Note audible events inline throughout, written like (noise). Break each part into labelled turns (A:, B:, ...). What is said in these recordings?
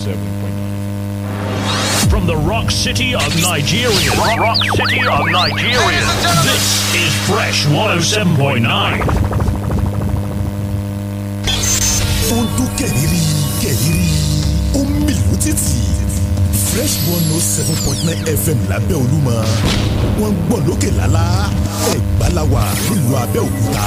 A: 7.9. From the rock city of Nigeria. Rock, rock city of Nigeria. This is Fresh 107.9. Ohun tó kẹ̀rìírí kẹ̀rìírí ń
B: mìlú títì. Fresh one oh seven point nine FM lábẹ́ Olúmọ.
A: Wọ́n ń gbọ́ lókè lálá. Ẹ̀gbá la wà nílùú Abẹ́òkúta.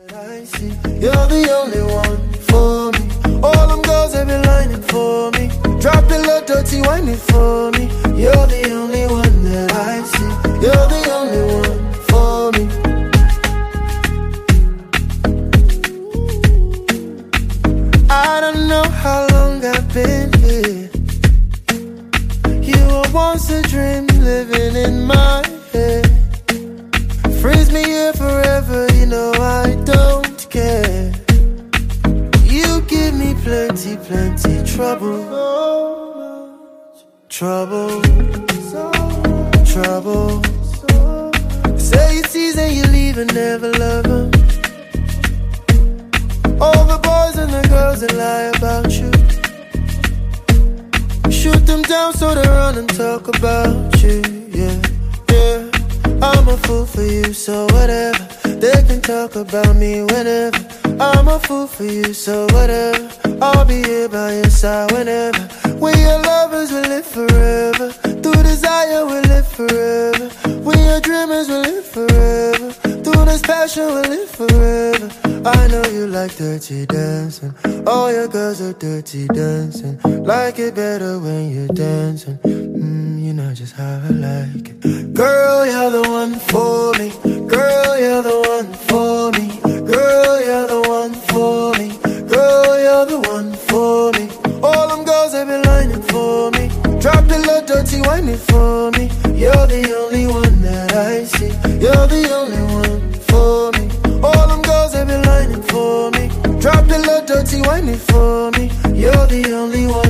C: You're the only one for me. All them girls have been lining for me. Drop the low dirty whining for me. You're the only one that I see. You're the only one for me. I don't know how long I've been here. You were once a dream living in my plenty, plenty trouble. Trouble, trouble. Say you tease and you leave and never love All the boys and the girls that lie about you. Shoot them down so they run and talk about you. Yeah, yeah. I'm a fool for you, so whatever. They can talk about me whenever. I'm a fool for you, so whatever. I'll be here by your side whenever. We are lovers, we live forever. Through desire, we live forever. We are dreamers, we live forever. Through this passion, we live forever. I know you like dirty dancing. All your girls are dirty dancing. Like it better when you're dancing. Mm, you know just how I like it. Girl, you're the one for me. Girl, you're the one for me. whining for me. You're the only one that I see. You're the only one for me. All them girls they be lining for me. Drop the low dirty whining for me. You're the only one.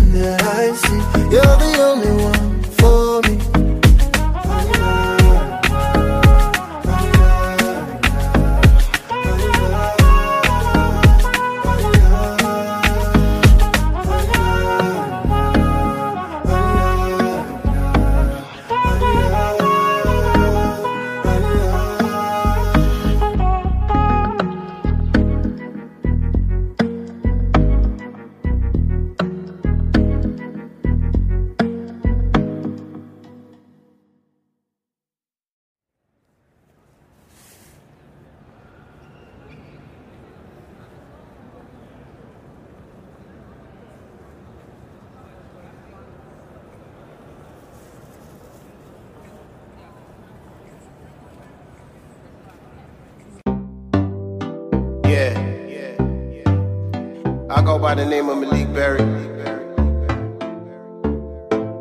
D: by the name of Malik Berry.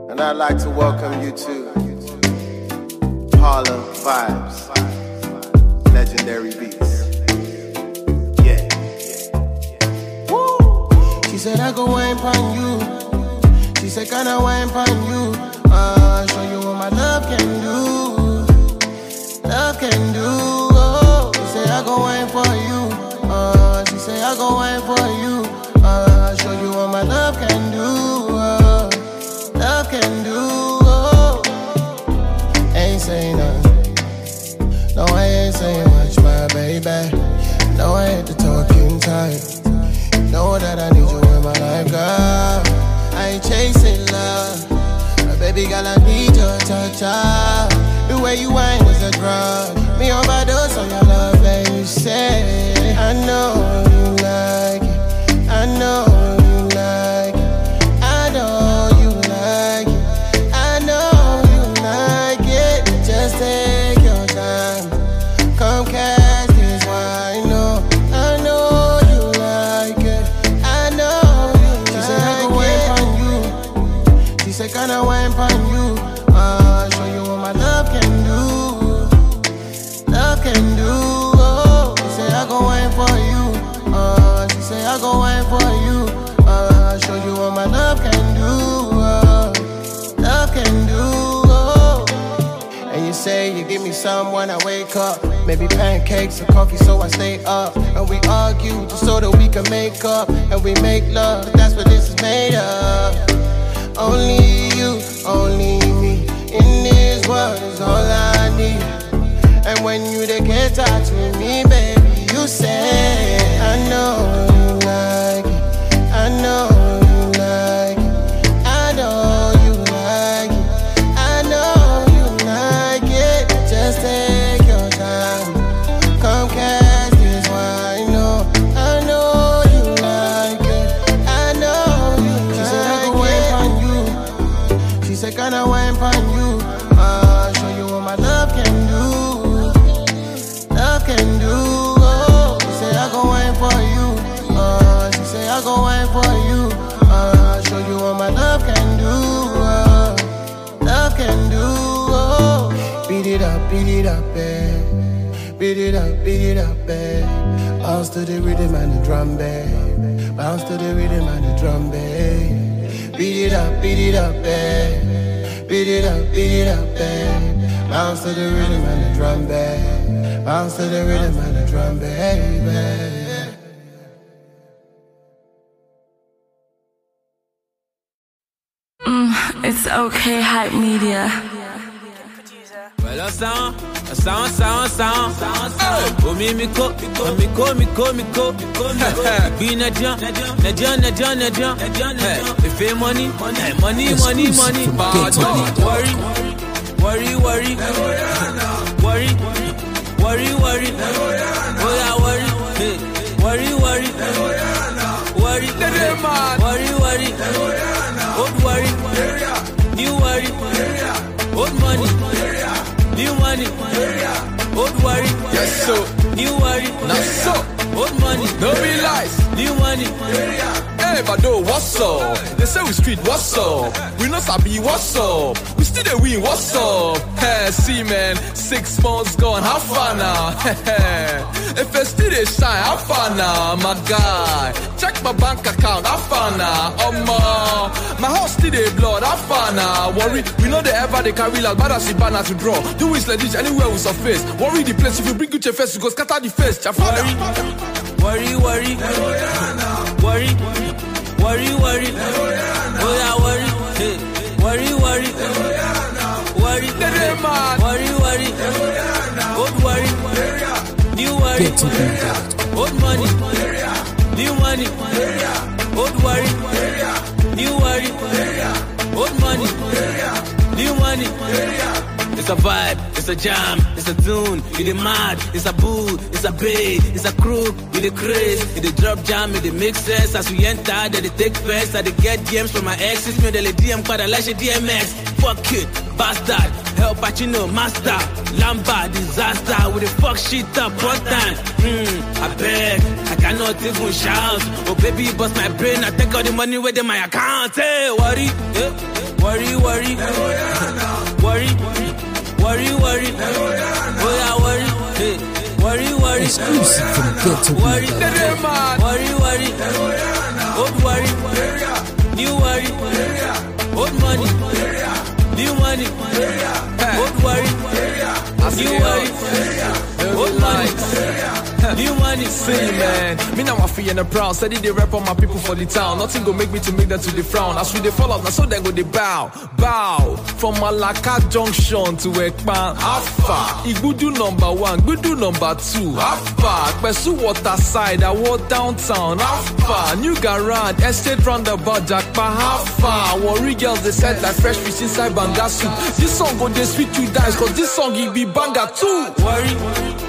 D: And I'd like to welcome you to Harlem Vibes, Legendary Beats. Yeah. Woo! She said, I go wine on you. She said, Can I wine on you? Uh, show you what my love can do. Love can do. Oh, she said, I go wine for you. Uh, she said, I go wine for you. beat it up, babe. Eh. Beat it up, beat it up, babe. Eh. Bounce to the rhythm and the drum, babe. Eh. Bounce to the rhythm and the drum, babe. Beat it up, beat it up, babe. Beat it up, beat it up, babe. Bounce to the rhythm and the drum, babe. Bounce to the rhythm and the drum, baby.
E: Mm, it's okay, hype media. Pẹ̀lú sound, sound, sound, sound. Omi mi kó, omi kó, mi kó, mi kó. Bí Nàìjíríà, Nàìjíríà, Nàìjíríà, Nàìjíríà. Ìfẹ́ mọ́ní, mọ́ní, money, money. Bàdó wọ́rí, wọ́rí, wọ́rí. Wọ́rí, worry, worry, worry. Worry, worry, worry, worry. wọ́rí, wọ́rí. Old worry, new worry. Old money. New money, old worry. Yes, so. New worry, not so. Old money, no be lies. New money. Hey, Bado,
F: what's up? They say we street, what's up? We know sabi, what's up? We still the win, what's up? Hey, see, man, six months gone, how far now? (laughs) if I still they shine, how far now? My guy, check my bank account, how far now? Oh, my, my house still they blood, how far now? Worry, we know they ever they carry like bad as to draw. Do is like this anywhere we surface. Worry the place, if you bring good your face, you go scatter the
E: face. Chafana. Worry, worry, worry. worry worry, worry, worry. Oh yeah, worry, hey. worry, worry, worry, worry, worry. Old worry, new worry. Old money, new money. Old worry, new worry. Old money, new money. It's a vibe, it's a jam, it's a tune, it is mad, it's a boo, it's a bait, it's a crew, with the craze. It the drop jam, it the mix sense. As we enter, they take first. I they get DMs from my exes. Me, they DM, quite a lash DMX. Fuck it, bastard. Help Pacino, master. Lamba, disaster. With the fuck shit up one time. Hmm, I beg, I cannot even shout. Oh, baby, bust my brain. I take all the money within my account. Hey, worry, eh? hey, oh, worry, worry. worry, worry, oh, worry. worry, Worry, worry. Exclusive from good to Worry, worry, worry. Old worry.
C: New worry. Old money. New money.
E: Old worry. New worry. Old money.
F: (laughs) you want it free, man. Me now I feel in a proud. Steady they rap on my people for the town. Nothing go make me to make them to the frown. As we they fall out, now so they go they bow. Bow. From Malaka Junction to Ekpan. Afa. Igudu number one. Gudu number two. Afa. Besu water side. I walk downtown. Afa. New garage. Estate roundabout. Jackpa. Afa. Worry girls, they said like fresh fish inside banga soup. This song
E: go they sweet you dance, Cause this song it be banga too. Worry.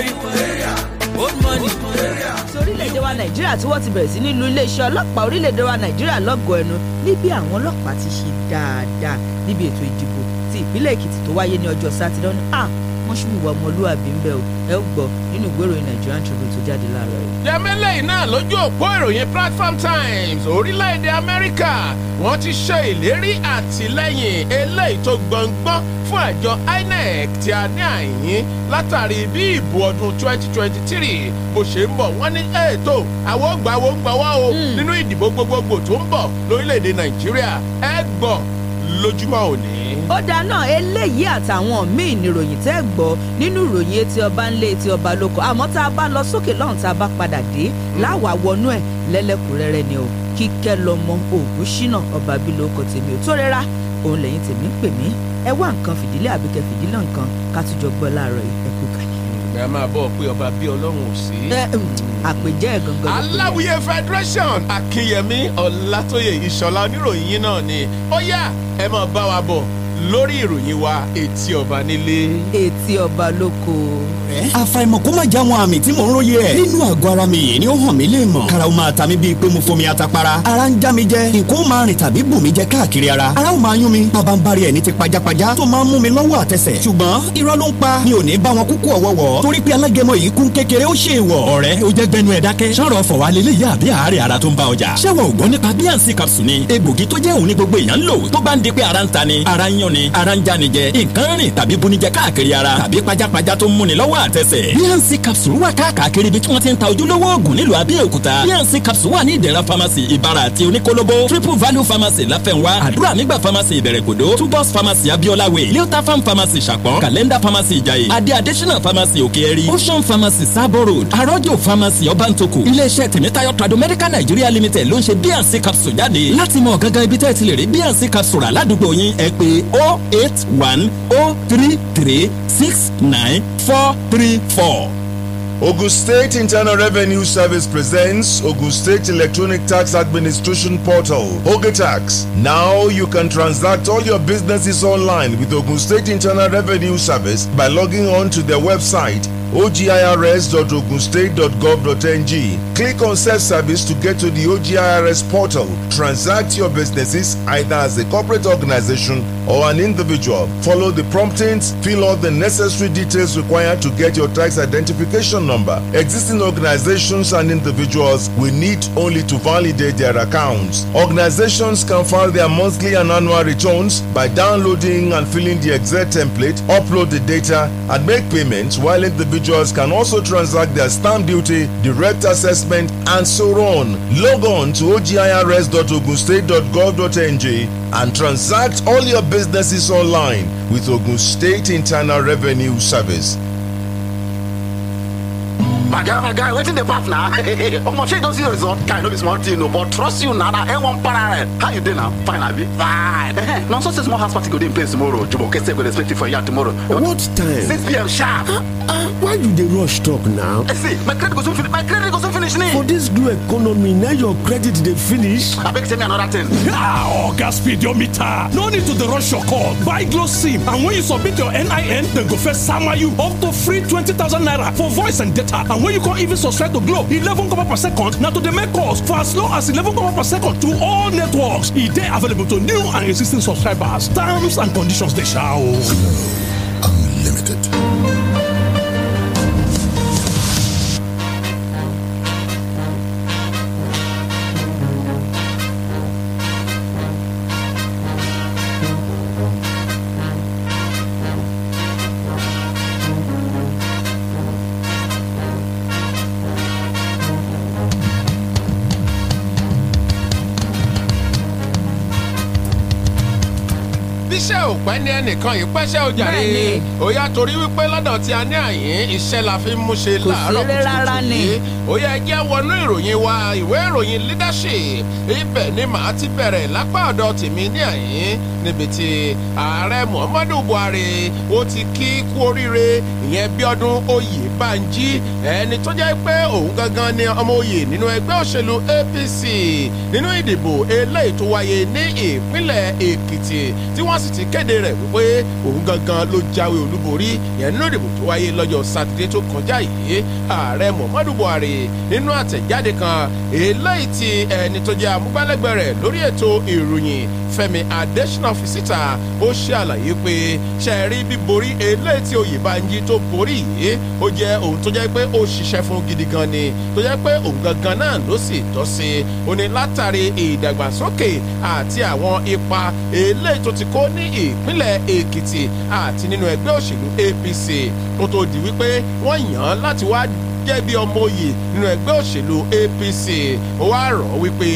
G: nàìjíríà tí wọ́n ti bẹ̀rẹ̀ sí ní iléeṣẹ́ ọlọ́pàá orílẹ̀-èdè wa nàìjíríà lọ́gọ̀ọ́ ẹnu ní àwọn ọlọ́pàá ti ṣe dáadáa níbi ètò ìdìbò ti ìpínlẹ̀ èkìtì tó wáyé ní ọjọ́ sátidé ah, wọ́n sì wùwà ọmọlúwàbí ń bẹ̀ o ẹ ó gbọ́ nínú ìwé ìròyìn Nigerian Tribune tó jáde láàárọ̀ yìí.
H: jẹ́mẹ́lẹ̀ iná lójú òpó ìròyìn Platform Times orílẹ̀-èdè Amẹ́ríkà wọ́n ti ṣe ìlérí àtìlẹ́yìn eléyìí tó gbọ̀ngbọ́n fún àjọ INEC tí a ní àyín látàrí bí ìbò ọdún 2023 bó ṣe ń bọ̀ wọ́n ní ètò àwọn ògbà wo ń gbọ́wọ́ o hmm. nínú ìdìbò gbogbogbò tó ń
G: bọ̀ lórílẹ̀‐èdè Nàìjíríà ẹ gbọ́ lójúmọ́ òní ó dáa náà eléyìí àtàwọn míì níròyìn tẹ́ gbọ́ nínú ìròyìn etí ọba ńlé etí ọba lóko àmọ́ tá a bá lọ sókè lọ́hùn tá a bá padà dé hmm. láwàá wọnú ẹ̀ lẹ́lẹ́kùnrẹ́rẹ́ ni o kíkẹ́ lọmọ ògùn ṣínà ọba bí lóko tèmi ò tó rẹ́ra òun lẹ́yìn tèmi ń pè mí ẹ wá nǹkan fìdílé àbíkẹ́ fìdílé nǹkan ká tún jọ gbọ́ láàárọ̀ yìí ẹ kú
H: kàlẹ́ ẹ máa bọ̀ pé ọba bí ọlọ́run ò sí.
G: Hm, àpèjẹ́ gangan. aláwìyé federation
H: akínyẹmí ọlátóyè ìṣọ̀lá oníròyìn náà ni ó yá ẹ máa bá wa bọ̀ lórí ìròyìn wa
G: etí ọba nílé. etí ọba lóko.
A: àfàìmọ̀ kó má já wọn àmì tí mò ń róye ẹ̀. nínú àgọ́ ara mi yìí ni ó hàn mí lè mọ̀. kara máa ta mí bíi pé mo fomi atapara. ara ń já mi jẹ nǹkan ó máa rìn tàbí bù mí jẹ káàkiri ara. ara ó máa yún mi bàbá ń bari ẹ̀ ní ti pajápajá tó máa ń mú mi lọ́wọ́ àtẹsẹ̀. ṣùgbọ́n irọ́ ló ń pa mi ò ní bá wọn kúkú ọ̀wọ́wọ́ torí pé alágẹmọ yìí kún kékeré ni ara ń janijẹ
I: nǹkan rìn tàbí bunijẹ káàkiri ara tàbí pajápajá tó ń múni lọ́wọ́ àtẹsẹ̀.
A: bnc capsule wà káàkiri
I: ibi tí wọ́n ti ń ta ojúlówó oògùn nílùú abẹ́òkúta bnc capsule wà ní ìdẹ̀ra pharmacy ìbàrà àti oníkólóbó triple value pharmacy láfẹnwá àdúrà nígbà pharmacy ìbẹ̀rẹ̀kòdó tubos pharmacy abiola way leota farm pharmacy ṣàpọ̀n calendar pharmacy ìjàyè adé additional pharmacy òkè ẹ̀rí ocean pharmacy sabo road arọ́jò pharmacy ọbàntòkù iléeṣẹ́ tèmítáyọ̀ trado medical nigeria limited ló ń ṣe bnc capsule jáde láti mọ̀ gangan ibi tẹ́ẹ̀ ti lè rí bnc capsule aládùúgbò yín ẹ pé ó 081
B: August State Internal Revenue Service presents August State Electronic Tax Administration Portal, Ogatax. Now you can transact all your businesses online with August State Internal Revenue Service by logging on to their website ogirs.ogunstate.gov.ng. Click on self-service to get to the OGIRS portal. Transact your businesses either as a corporate organization or an individual. Follow the promptings, fill out the necessary details required to get your tax identification number. Existing organizations and individuals will need only to validate their accounts. Organizations can file their monthly and annual returns by downloading and filling the Excel template, upload the data, and make payments while individuals individuals can also transact their stamp duty, direct assessment, and so on. Log on to ogirs.ogunstate.gov.ng and transact all your businesses online with Ogun State Internal Revenue Service.
I: my guy
A: my guy waiting the bath now. Oh my, shey don't see the result guy no be small thing o but trust you na na a1 parallel how you doing now? fine I be fine (laughs) na so say small house party go dey in place tomorrow jumoke sef go dey expect you for yard tomorrow what time 6pm sharp. Ah, ah. why you dey rush talk now? i eh, see my credit go soon finish my credit go soon finish ne. for dis new economy na your credit dey finish. abeg send me another ten. ah oga speed your meter no need to dey rush your call buy glo sim and when you submit your nin dem go first sama you up to free twenty thousand naira for voice and data and when you come even subscribe to glo eleven kobo per second na to dey make calls for as low as eleven kobo per second to all networks e dey available to new and existing subscribers terms and conditions dey sha o. glo unlimited.
H: ọ̀pẹ ní ẹnìkan yìí pẹ́ṣẹ́ ó jàre ó yá torí wípé lọ́dọ̀ tí a ní àyín iṣẹ́ la fi ń mú láàárọ̀ kùtùkùtù yìí ó yá jẹ́ wọnú ìròyìn wa ìwé ìròyìn leadership ibẹ̀ ni màá ti bẹ̀rẹ̀ lápá ọ̀dọ̀ tèmi ní àyín níbi tí ààrẹ muhammadu buhari ó ti kí kú oríire ìyẹn bíọ́dún oyèbánjí ẹni tó jẹ́ pé òun gangan ni ọmọ oyè nínú ẹgbẹ́ òṣèlú apc nínú ìdìbò eléyìí tó wáyé ní ìpínlẹ̀ èkìtì tí wọ́n sì ti kéde rẹ̀ wípé òun gangan ló jáwé olúborí ìyẹn nínú ìdìbò tó wáyé lọ́jọ́ sátidé tó kọjá yìí ààrẹ muhammadu buhari nínú àtẹ̀jáde kan eléyìí tí ẹni tó jẹ́ amúgbálẹ́gbẹ̀ẹ́ lórí ètò ìròyìn fẹmi adesina fi síta ó ṣe àlàyé pé ṣe rí bíborí eléyìí tí oyèbánjí tó borí yìí ó jẹ òun tó jẹ pé ó ṣiṣẹ́ fún gidi gan ni tó jẹ pé òun gangan náà ló sì tọ́ sí látàrí ìdàgbàsókè àti àwọn ipa eléyìí tó ti kó ní ìpínlẹ̀ èkìtì àti nínú ẹgbẹ́ òṣèlú apc kó tó di wípé wọ́n yàn án láti wá gẹ́gẹ́ bí ọmọ oyè nínú ẹgbẹ́ òṣèlú APC ó wá rọ̀ ọ́ wípé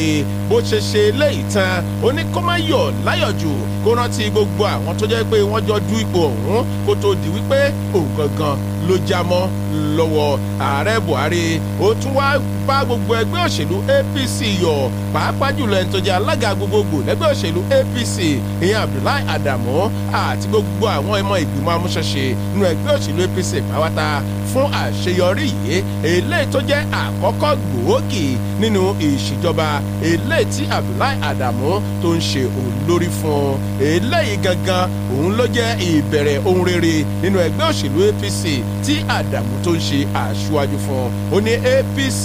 H: bó ṣe ṣe eléyìí tán ó ní kó má yọ̀ láyọ̀ jù kó rántí gbogbo àwọn tó jẹ́ pé wọ́n jọ du ipò ọ̀hún kó tó di wípé òun gangan ló já mọ́ lọ́wọ́ ààrẹ buhari ó tún wá bá gbogbo ẹgbẹ́ òṣèlú apc yọ̀ pàápàá jùlọ ẹni tó jẹ́ alága gbogbogbò lẹ́gbẹ́ òṣèlú apc ìyẹn abdullahi adamu àti gbogbo àwọn ọmọ ìgbìmọ̀ amúṣẹ́ṣe nínú ẹgbẹ́ òṣèlú apc pàwátá fún àṣeyọrí yìí eléyìí tó jẹ́ àkọ́kọ́ gbòógì nínú ìṣèjọba eléyìí tí abdullahi adamu tó ń ṣe òun lórí fún un eléyìí gangan òun ló jẹ́ ìbẹ̀rẹ̀ ohun rere nínú ẹgbẹ́ òṣèlú apc tí àdàmú tó ń ṣe aṣíwájú fún ó ní apc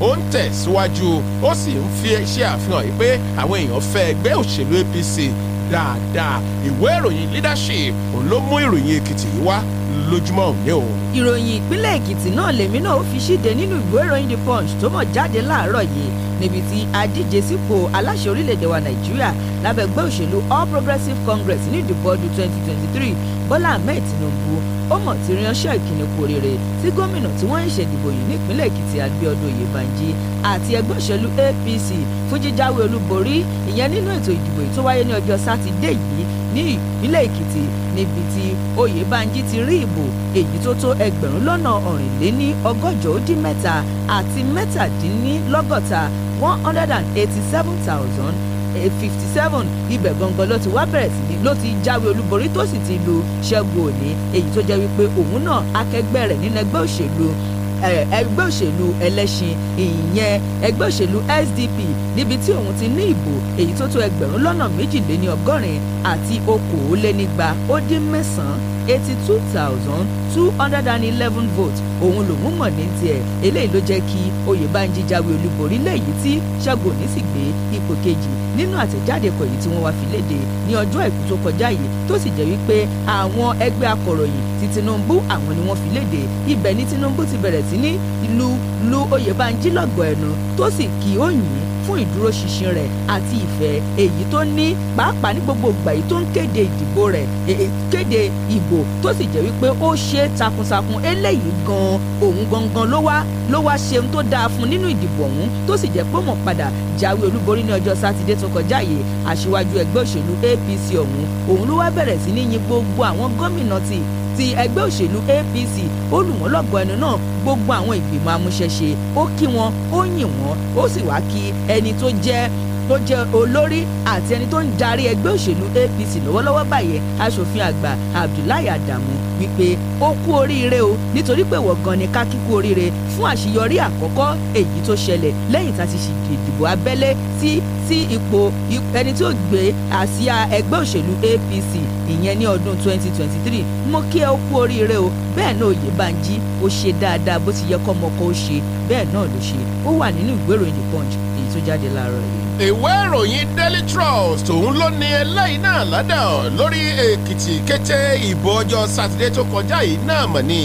H: ó ń tẹ̀síwájú ó sì ń fi ṣe àfihàn yìí pé àwọn èèyàn fẹ́ ẹgbẹ́ òṣèlú apc dáadáa ìwé ìròyìn leadership òun ló mú
G: ìròyìn èkìtì yìí wá lójúmọ́ òní o. ìròyìn ìpínlẹ̀ èkìtì náà lèmi náà ó fi ṣíde nínú ìwé ìròyìn the punch tó mọ̀ jáde láàárọ̀ yìí níbi tí adíje sípò aláṣẹ orílẹ̀-èdè wa nàìjíríà lábẹ́ ẹgbẹ́ òṣèlú all progressives congress ní ìdìbò ọdún 2023 bọ́lá ahmed tinubu ó mọ̀ ti ránṣẹ́ ìkíni kú oríire sí gómìnà tí wọ́n ń ṣèdìbò yìí nípínlẹ̀ èkìtì abíọ́dún oyèbánjí àti ẹgbẹ́ òṣèlú apc fún jíjáwé olúborí ìyẹn nínú ètò ìdìbò yìí tó wáyé ní ọjọ́ sátidé yìí ní ìpínlẹ̀ èkìtì níbi tí oyèbánjí ti rí ìbò èyí tó tó ẹgbẹ̀rún lọ́nà ọ̀rìnléní ọgọ́jọ ó dín mẹ́ta àti mẹ́tàdínlọ́gọ́ta one hundred and eighty-seven thousand fifty-seven ibẹ̀ gangan ló ti wá bẹ̀rẹ̀ sí ni ló ti jáwé olúborí tó sì ti lu Ṣẹ́gun Òní èyí tó jẹ́ wípé òun náà akẹgbẹ́ rẹ̀ nínú ẹgbẹ́ òṣèlú ẹgbẹ́ òṣèlú ẹlẹ́ṣin ìyẹn ẹgbẹ́ òṣèlú SDP níbi tí òun ti ní ìbò èyí tó tó ẹgbẹ̀rún lọ́nà méjìléní ọgọ́rin àti okòólénígba ó dín mẹ́sàn-án eighty two thousand two hundred and eleven votes òun lòun mọ̀ ní tiẹ̀ eléyìí ló jẹ́ kí Oyèbánjí jáwé olúborí léyìí tí Ṣẹ́gun Òní sì gbé ipò kejì nínú àtẹ̀jáde kan yìí tí wọ́n wá fi léde ní ọjọ́ àìkú tó kọjá yìí tó sì jẹ́ wípé àwọn ẹgbẹ́ akọ̀ròyìn ti Tinubu àwọn ni wọ́n fi léde ibẹ̀ ni Tinubu ti bẹ̀rẹ̀ sí ní ìlú lu Oyèbánjí lọ́gọ̀ọ́ ẹnu tó sì kí ó fún ìdúróṣinṣin rẹ̀ àti ìfẹ́ èyí tó ní pàápàá ní gbogbo ìgbà yìí tó ń kéde ìdìbò rẹ̀ e, e, kéde ìbò tó sì jẹ́ wípé ó ṣe takuntakun eléyìí gan òun gangan ló wá ló wá ṣe ohun tó dáa fún nínú ìdìbò ọ̀hún tó sì jẹ́ pé mọ̀ padà jáwé olúborí ní ọjọ́ sátidé tó kọjá yìí aṣíwájú ẹgbẹ́ òṣèlú APC ọ̀hún òun ló wá bẹ̀rẹ̀ sí ní yin gbogbo àwọn gómìnà ti ti ẹgbẹ́ òṣèlú APC ó lù wọ́n lọ́gọ ẹnu náà gbogbo àwọn ìgbìmọ̀ amúṣẹ́ṣe ó kí wọn ó yìn wọ́n ó sì wá kí ẹni tó jẹ́ tó jẹ́ olórí àti ẹni tó ń darí ẹgbẹ́ òṣèlú APC lọ́wọ́lọ́wọ́ báyẹn aṣòfin àgbà Abdullahi Adamu wípé ó kú oríire o nítorí pé wọ́n gan ni ká kíkú oríire fún àṣeyọrí àkọ́kọ́ èyí tó ṣẹlẹ̀ lẹ́yìn tá a ti ṣìkì ìdìbò abẹ́lé tí sí ipò ẹni tí gbé àsíá ẹgbẹ́ òṣèlú APC ìyẹn ní ọdún 2023 mo kí ẹ ó kú oríire o bẹ́ẹ̀ náà Oyèbánjí ó ṣe dáadáa bó ti yẹ kọ́mọkọ́ ó ṣe bẹ́ẹ̀ náà ló ṣe ó wà nínú ìwé The Punch èyí tó jáde láàárọ̀ yìí ìwé ìròyìn
H: Daily Trust òun ló ní eléyìí náà ládàá lórí èkìtì kété ìbò ọjọ́ sátidé tó kọjá yìí náà mọ̀ ni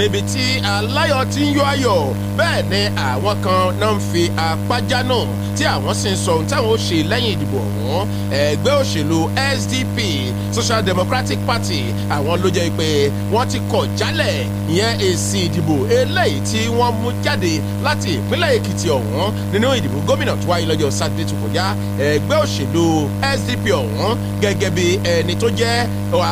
H: níbi tí aláyọ̀ ti ń yọ ayọ̀ bẹ́ẹ̀ ni àwọn kan náà ń fi apá jánà tí àwọn sì ń sọ ohun táwọn ó ṣe lẹ́yìn ìdìbò ọ̀hún ẹgbẹ́ òṣèlú SDP Social Democratic Party àwọn ló jẹ́ pé wọ́n ti kọ̀ jálẹ̀ ìyẹn èsì ìdìbò eléyìí tí wọ́n mú jáde láti ìpínlẹ̀ Èkìtì ọ̀hún nínú ìdìbò gómìnà tó wáyé lọ́jọ́ sátidé tó kọjá ẹgbẹ́ òṣèlú SDP ọ̀hún gẹ́gẹ́ bí ẹni tó jẹ́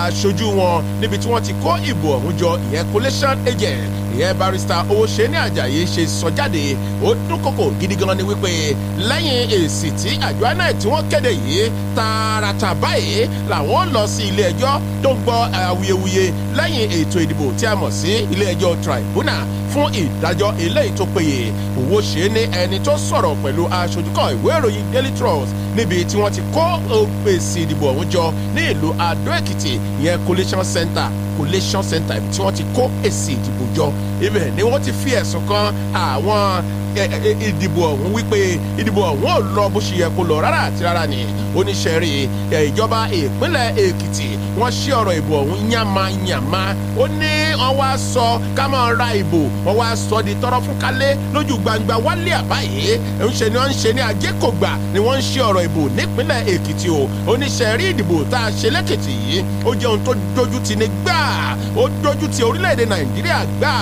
H: aṣojú wọn níbi tí wọ́n ti kó ìbò ọ̀hún jọ ìyẹn collation yeah. ìyẹn barrister Owóṣeni Àjàyí ṣe sọ jáde ó dún kókò gidi gan ni wípé lẹ́yìn èsì tí àjọ INEC tí wọ́n kéde yìí tààràtà báyìí làwọn lọ sí ilé ẹjọ́ tó ń gbọ́ awuyewuye lẹ́yìn ètò ìdìbò tí a mọ̀ sí ilé ẹjọ́ tribunal fún ìdájọ́ eléyìí tó péye Owóṣeni ẹni tó sọ̀rọ̀ pẹ̀lú aṣojúkọ ìwé ìròyìn Daily Trust níbi tí wọ́n ti kó òpèsè ìdìbò ọ̀hún jọ ní ìlú Adó Èkìtì ìyẹn collation center collation center tí wọ́n ti kó èsì ìdìbò àwùjọ ibẹ̀ ni wọ́n ti fi ẹ̀sùn kan àwọn ìdìbò ọ̀hún wípé ìdìbò ọ̀hún ò lọ bó ṣe yẹ kó lọ rárá àti rárá ni oníṣẹ́rí ìjọba ìpínlẹ̀ èkìtì wọ́n ṣí ọ̀rọ̀ ìbò ọ̀hún yàmáyàmá ó ní wọ́n wá sọ ká máa ra ìbò wọ́n wá sọ di tọrọ fún kálé lójú gbangba wálé àbáyé ń ṣe ni wọ́n ń ṣe ní ajẹ́kọ̀gbà ni wọ́n ń ṣí ọ̀rọ̀ ìbò nípínlẹ̀ èkìtì o oníṣẹ́rí ìdìbò tá a ṣe lẹ́kìtì yìí ó jẹ́ ohun tó dojú ti ní gbáà ó dojú ti orílẹ̀-èdè nàìjíríà gbáà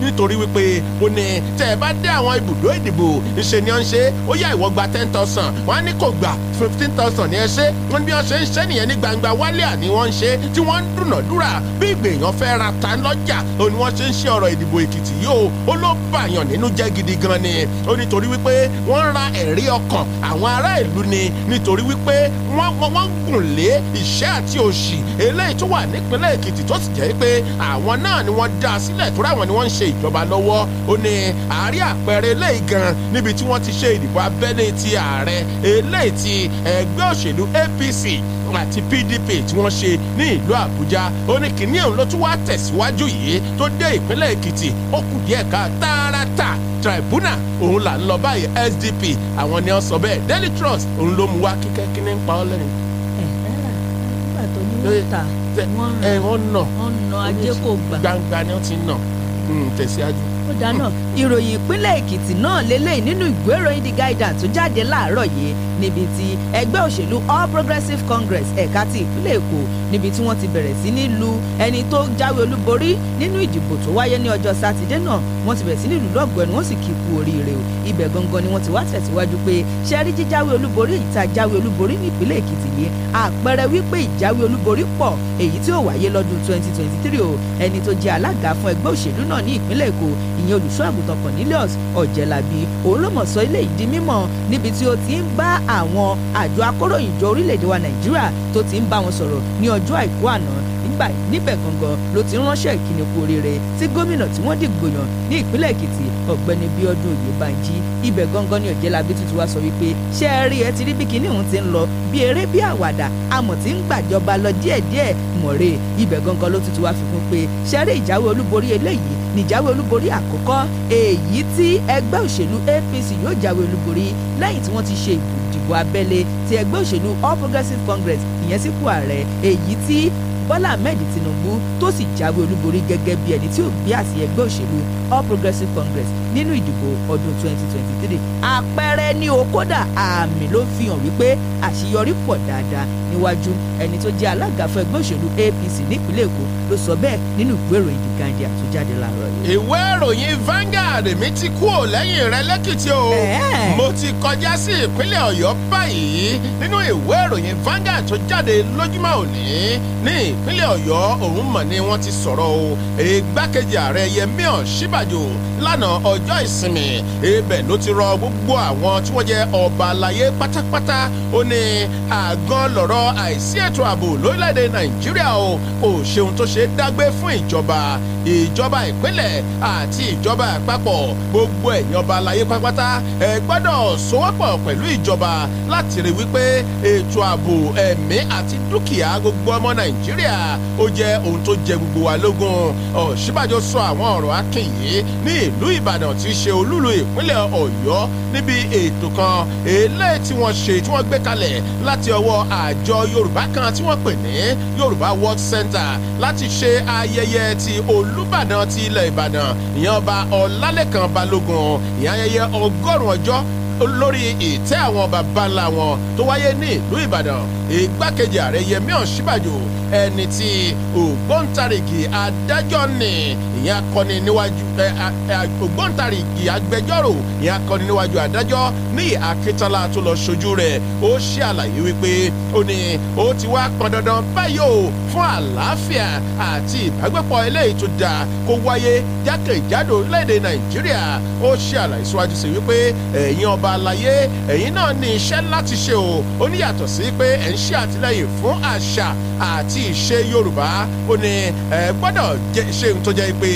H: nítorí wípé ó ní tẹ̀ bá dé àwọn ibùdó ìdìbò ìṣe ni wọ́n ń ṣe ó yá ìwọ gba ten thousand wọ́n á ní kò gbà fifteen thousand ni ẹ ṣe wọ́n bí wọ́n ṣe ń ṣe nìyẹn ní gbangba wálé àní wọ́n ń ṣe tí wọ́n ń dúnàdúrà bí ìgbèyàn fẹ́ ra ta lọ́jà ó ní wọ́n ṣe ń ṣe ọ̀rọ̀ ìdìbò èkìtì yìí o ó ló bàyàn nínú jẹ́ gidi gan ni ó nítorí wípé wọ́n ra ẹ̀rí ọkàn àwọn ará ìlú ni nítorí wípé wọ́n wọ́n gùn lé ìṣẹ́ àti òṣì eléyìí tó wà nípínlẹ̀ èkìtì tó sì jẹ́ pé àwọn náà ni wọ́n dá sílẹ̀ tó ráwọn ni wọ́n ń ṣe ìjọba lọ́wọ́ ó ní àárí àpẹẹrẹ eléyìí gan níbi tí wọ́n ti ṣe ìdìbò abẹ́lé ti ààrẹ eléyìí ti ẹgbẹ́ òṣèlú APC àti PDP tí wọ́n ṣe ní ìlú Àbújá ó ní kìnìún òun ló tún wá tẹ̀síwájú yìí tó dé ìpínlẹ̀ Èkìtì ó kù díẹ̀ ká tààràtà tribunal òun là ń lọ báyìí SDP àwọn ni wọ́n sọ bẹ́ẹ̀ Daily Trust òun ló mú wá kíkẹ́ kíní ń pa ọ́ lẹ́yìn. ẹ ẹ rà nígbà ajé kò gbà gbangba ni wọ́n ti nà hmm, tẹ̀síwájú ó
G: dáná ìròyìn ìpínlẹ̀ èkìtì náà lélẹ́yìn nínú ìwé ìròyìn the guardian tó jáde láàárọ̀ yìí níbi tí ẹgbẹ́ òṣèlú all progressive congress ẹ̀ka ti ìpínlẹ̀ èkó níbi tí wọ́n ti bẹ̀rẹ̀ sí ní lu ẹni tó jáwé olúborí nínú ìdìbò tó wáyé ní ọjọ́ sátidé náà wọ́n ti bẹ̀rẹ̀ sí ní lù lọ́gọ̀ọ́ ẹni wọ́n sì kì í kú oríire o ibẹ̀ gangan ni wọ́n ti wá tẹ̀síwájú pé ṣẹ́rí jíjáwé olúborí ìta jáwé olúborí ní ìpínlẹ̀ èkìtì yìí àpẹẹrẹ wípé ìjáwé olúborí pọ̀ èyí tí ó wáyé lọ́dún 2023 o ẹni tó jẹ́ alága fún ẹgbẹ́ òṣèlú náà ní ìpínlẹ̀ èkó ìyẹn olùṣọ́ àgùntàn Cornelius Ọ̀jẹ̀lábí òun ló mọ̀ sọ ilé ìdí mímọ̀ níbi tí ó ti ń bá àwọn àjọ akóròyìnjọ orílẹ̀-èdè wa Nàìjíríà tó ti ń bá wọn sọ̀rọ̀ ní ọjọ́ àìkú àná nígbà níbẹ̀ gangan ló ti ránṣẹ́ ìkíni kú oríire tí gómìnà tí wọ́n dìgbò yàn ní ìpínlẹ̀ Èkìtì ọ̀gbẹ́ni Bíọ́dún Oyèbánjí ibẹ̀ gangan ni Ọ̀jẹ̀lábí tuntun wá sọ wípé ṣé ẹ rí ẹ ti rí bí kinní òun ti ń lọ bí eré bí àwàdà amọ̀ tí ń gbàjọba lọ díẹ̀díẹ̀ mọ̀rẹ́ ibẹ̀ gangan ló tuntun wá fi kún pé ṣé ẹ rí ìjáwé olúborí eléyìí nìjáwé olúborí àkọ́kọ́ èyí tí ẹgbẹ́ òṣèlú APC yóò jáwé olúborí lẹ́yìn tí wọ́n ti ṣe ìdìbò abẹ́lé ti ẹgbẹ́ òṣèlú All Progressives Congress ìyẹn sípò ààrẹ èyí tí Bọ́lá Ahmed Tinubu tó sì jáwé olúborí gẹ́gẹ́ bí ẹni tí ó gbé àsíá ẹgbẹ́ òṣèlú All Progressives Congress nínú ìdìbò ọdún 2023 àpẹẹrẹ ni o kódà àmì ló fi hàn wípé àṣeyọrí pọ̀ dáadáa níwájú ẹni tó jẹ́ alága fún ẹgbẹ́ òṣèlú APC nípínlẹ̀ Èkó ló sọ bẹ́ẹ̀ nínú ìwé ìròyìn The Guardian tó jáde láàárọ̀
H: yìí. ìwé ìròyìn Vanguard mi ti kú ò lẹ́yìn rẹ lẹ́kìtì o mo ti kọjá sí ìpínlẹ̀ Ọ̀yọ́ báyìí nínú ìwé ìròyìn Vanguard tó jáde lójúmọ́ òní ní ìpínlẹ̀ Ọ̀yọ́ òun mọ̀ ni wọ́n ti sọ̀rọ̀ o ìgbákejì ààrẹ Yẹmí Ọ̀ṣíb ọ̀ṣínbàjò lánàá ọjọ́ ìsinmi ibẹ̀ ló ti rọ gbogbo àwọn tí wọ́n jẹ́ ọba àlàyé pátápátá ó ní àgọ́ lọ̀rọ̀ àìsí ètò ààbò lórílẹ̀‐èdè nàìjíríà o kò ṣeun tó ṣe dágbé fún ìjọba ìjọba ìpínlẹ̀ àti ìjọba àpapọ̀ gbogbo ẹ̀yin ọba àlàyé pátápátá ẹ gbọ́dọ̀ sowọ́pọ̀ pẹ̀lú ìjọba láti rí wípé ètò ààbò ẹ̀mí àti dúkìá gbogbo ọmọ nàìjíríà ó jẹ́ ohun tó jẹ gbogbo wa lógún ọ̀ṣínbàjò sọ àwọn ọ̀rọ̀ akin yìí yìí ní ìlú ìbàdàn tí í ṣe olúlu ìpínlẹ̀ ọ̀yọ́ níbi ètò kan eléyìí tí wọ́n ṣe tí wọ́n gbé kalẹ̀ láti ọwọ́ àjọ yorùbá kan tí wọ́n pè ní yorùbá world center láti ṣe ayẹyẹ ti olúbàdàn ti ilẹ̀ ìbàdàn ìyẹn ọba ọlálẹ́kan balógun ìyẹn ayẹyẹ ọgọ́rùn-ún ọjọ́ lórí ìtẹ́ àwọn bàbá ńlá wọn tó wáyé ní ìlú ìbàdàn ìgbákejì ààrẹ yẹmí ọ̀ṣíbàjò ẹni tí ògbóǹtarìgì adájọ́ ni ìyẹn akọni níwájú ògbóǹtarìgì agbẹjọ́rò ìyẹn akọni níwájú adájọ́ ní akíntola tó lọ ṣojú rẹ̀ ó ṣe àlàyé wípé ó ní ó ti wá pọn dandan báyìí o fún àlàáfíà àti ìbágbépọ̀ eléyìí tó dáa kó wáyé jákèjádò orílẹ̀-èdè nàìjíríà ó ṣe àlàyé síwájú sí wípé ẹ̀yin ọba ọba àlàyé ẹ̀yin náà ní iṣẹ́ láti ṣe o ó ní yàtọ̀ sí pé ẹ̀ ń ṣe àtìlẹ́yìn fún àṣà àti ìṣe yorùbá ó ní ẹ gbọ́dọ̀ ṣe ohun tó jẹ́ pé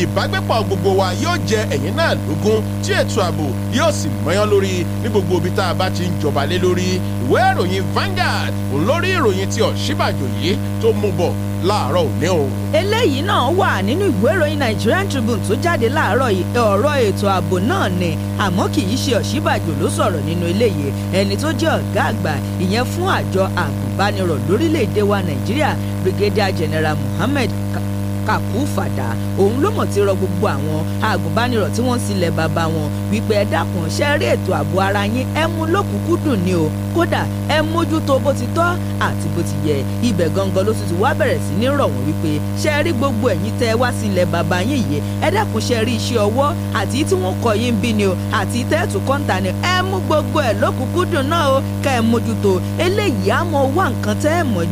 H: ìbágbépọ̀ gbogbo wa yóò jẹ ẹ̀yin náà lógún tí ètò ààbò yóò sì mọ́yán lórí ní gbogbo ibi tá a bá ti ń jọba lé lórí ìwé ìròyìn Vanguard olórí ìròyìn ti Ọ̀ṣínbàjò yìí tó mú bọ̀ láàárọ̀ òní o.
G: eléyìí náà wà nínú ìwé ìròyìn Nigerian Tribune tó jáde láàárọ̀ yìí ọ̀rọ̀ ètò ààbò náà ni àmọ́ kì í ṣe Ọ̀ṣínbàjò ló sọ̀rọ̀ nínú eléyìí ẹni tó jẹ́ ọ̀gá àgbà ìyẹn fún àjọ àgùnbánirọ̀ lórílẹ̀‐èdè wa Nàìjíríà Brigadier General Mohammed Kakufada òun ló mọ̀ ti rọ gbogbo àwọn agùnbánirọ̀ tí wọ́n ń silẹ̀ bàbá wọn wípé ẹ dákun ṣe rí ètò ààbò ara yín ẹ mú lókùnkúndùn ni o kódà ẹ mójútó bó ti tọ́ àti bó ti yẹ ibẹ̀ gangan ló ti wá bẹ̀rẹ̀ sí ní rọ̀ wọ́n wípé ṣe rí gbogbo ẹ̀yin tẹ́ wá silẹ̀ bàbá yín yìí ẹ dákun ṣe rí iṣẹ́ ọwọ́ àti tí wọ́n kọ yín bí ni o àti tẹ́ẹ̀tù kọ́ńtà ni ẹ mú gbogbo ẹ̀ lókùnkúndùn náà o ká ẹ mójútó eléyìí á mọ wá nǹkan tẹ́ ẹ mọ̀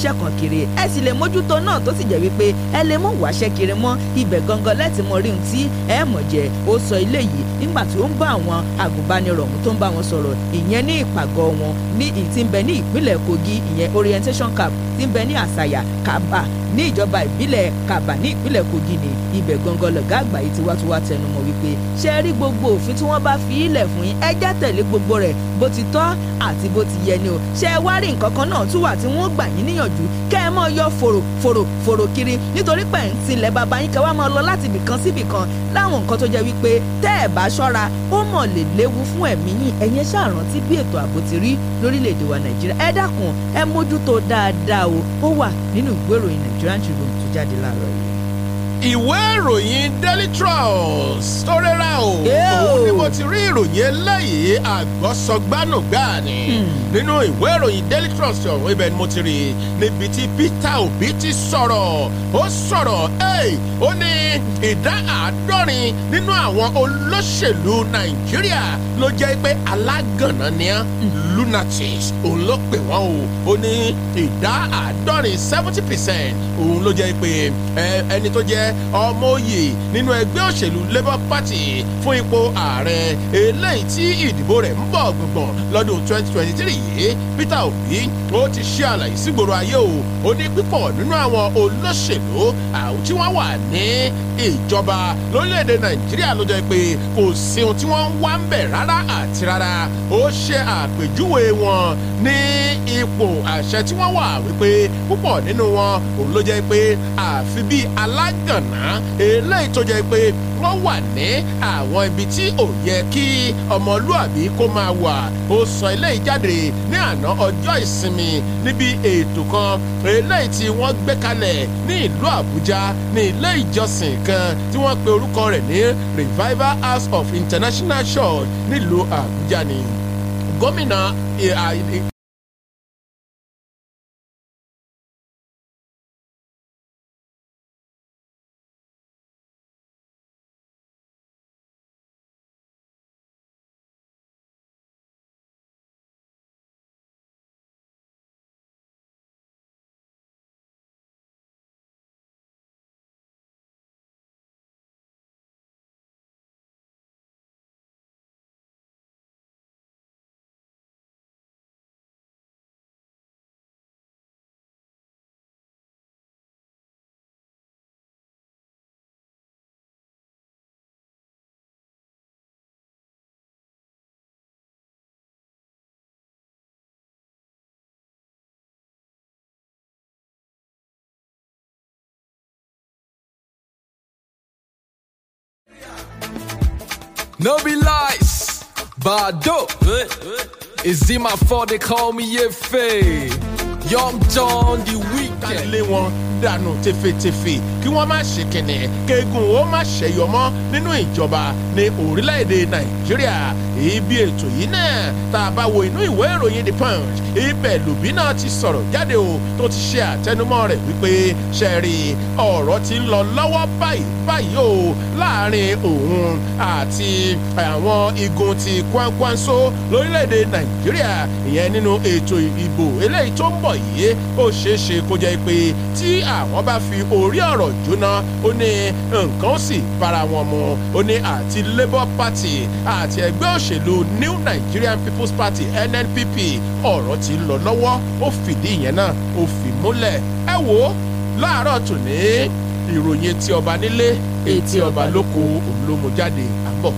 G: jẹ ẹ sì lè mójútó náà tó sì jẹ́ wípé ẹ lè mọ̀ wáṣẹ́ kiri mọ́ ibẹ̀ gangan lẹ́tì mọ rí ohun tí ẹ mọ̀ jẹ́ ó sọ ilé yìí nígbà tí ó ń bá àwọn agùnbánirọ̀ ọ̀hún tó ń bá wọn sọ̀rọ̀ ìyẹn ní ìpàgọ́ wọn ní ìtì ń bẹ ní ìpínlẹ̀ Kogi ìyẹn orientation camp ti ń bẹ ní àṣàyà Kaba ní ìjọba ìbílẹ̀ Kaba ní ìpínlẹ̀ Kogi ní ibẹ̀ gangan lọ̀gá àgbà yìí ti wá tó wá tẹnu mọ́ wípé ṣe rí gbogbo òfin tí wọ́n bá fi ilẹ̀ fún yín ẹ já tẹ̀lé gbogbo rẹ̀ bó ti tọ́ àti bó ti yẹ ni o ṣe wá rí nǹkan kan náà tún tí wọ́n gbà yín níyànjú kẹ́ ẹ máa yọ fòrò fòrò fòrò kiri nítorí pẹ̀ ń tilẹ̀ bàbá yín kẹ́ wá máa lọ láti ibìkan sí ibìkan láwọn nǹkan tó jẹ́ wípé tẹ́ ẹ̀ bá ṣọ́ra ó mọ̀ lè léwu fún ẹ̀mí yín ẹ̀yin ṣàrántí bí ètò ààbò ti rí lórílẹ̀‐èdè wa nàìjíríà ẹ dákun ẹ mójútó dáadáa o ó wà nínú ìgbéròyìn Nigerian Tribune tó jáde láàárọ̀ yìí ìwé ìròyìn
H: Daily Trust tó rẹ́ra o òun ni mo ti rí ìròyìn eléyìí àgbọ̀sọgbánùgbà ni hmm. nínú ìwé ìròyìn Daily Trust ọ̀run ibẹ̀ ni mo ti rí níbi tí Peter Obi ti sọ̀rọ̀ ó sọ̀rọ̀ ó ní ìdá àádọ́rin nínú àwọn olóṣèlú Nàìjíríà ló jẹ́ pé alágànná ni á hmm. lunatics òun ló pè wọ́n o ó ní ìdá àádọ́rin seventy percent òun ló jẹ́ pé ẹni tó jẹ́ ọmọ òye nínú ẹgbẹ́ òṣèlú labour party fún ipò ààrẹ eléyìí tí ìdìbò rẹ̀ ń bọ̀ gbọ̀ngbọ̀n lọ́dún 2023 yìí peter obi ó ti ṣe àlàyé sígboro ayé o ó ní pípọ̀ nínú àwọn olóṣèlú àwọn tí wọ́n wà ní ìjọba lórílẹ̀‐èdè nàìjíríà ló jẹ́ pé kò sí ohun tí wọ́n ń wá ń bẹ̀ rárá àti rárá ó ṣe àpèjúwe wọn ní ipò àṣẹ tí wọ́n wà wípé púpọ̀ nínú wọn òun ló jẹ́ pé àfi bíi alágàn àná eléyìí tó jẹ́ pé wọ́n wà ní àwọn ibi tí ò yẹ kí ọmọlúàbí kó máa wà ó sọ eléyìí jáde ní àná ọjọ́ ìsinmi níbi ètò kan eléyìí tí wọ́n gbé kalẹ̀ ní ìlú Àbújá ní ilé ìjọsìn kan tí wọ́n pe orúkọ rẹ̀ ní Revival House of International Church nílùú Àbújá ni
B: gómìnà
E: No be lies, Bado.
H: Is it my fault they call me Efe? Young John the weekend. dànù tẹ̀fẹ̀tẹ̀fẹ̀ kí wọ́n má ṣe kìnnì kéegun ó má ṣẹ̀yọ mọ́ nínú ìjọba ní orílẹ̀-èdè nàìjíríà ibi ètò yìí náà tá a bá wo inú ìwé ìròyìn the punch ibẹ̀ lùbí náà ti sọ̀rọ̀ jáde o tó ti ṣe àtẹnumọ́ rẹ̀ wípé ṣẹ̀rí ọ̀rọ̀ ti ń lọ lọ́wọ́ báyìí báyìí o láàrin òun àti àwọn igun ti kwankwanso lórílẹ̀-èdè nàìjíríà ìyẹn nínú ètò ìbò eléyìí tó ń bọ̀ yìí ó ṣeé kó jẹ́ pé tí àwọn bá fi orí ọ̀rọ̀ jóná ó ní nǹkan ó sì bára wọn mu ó ní àti labour party àti ẹgbẹ́ òṣèlú new nigerian people's party nnpp ọ̀rọ̀ ti lọ lọ́wọ́ ó fìdí ìyẹn náà ó fi múlẹ̀ ẹ wò ó láàárọ̀ tòní ìròyìn etí ọba nílé etí ọba lóko òun ló mú jáde àbọ̀.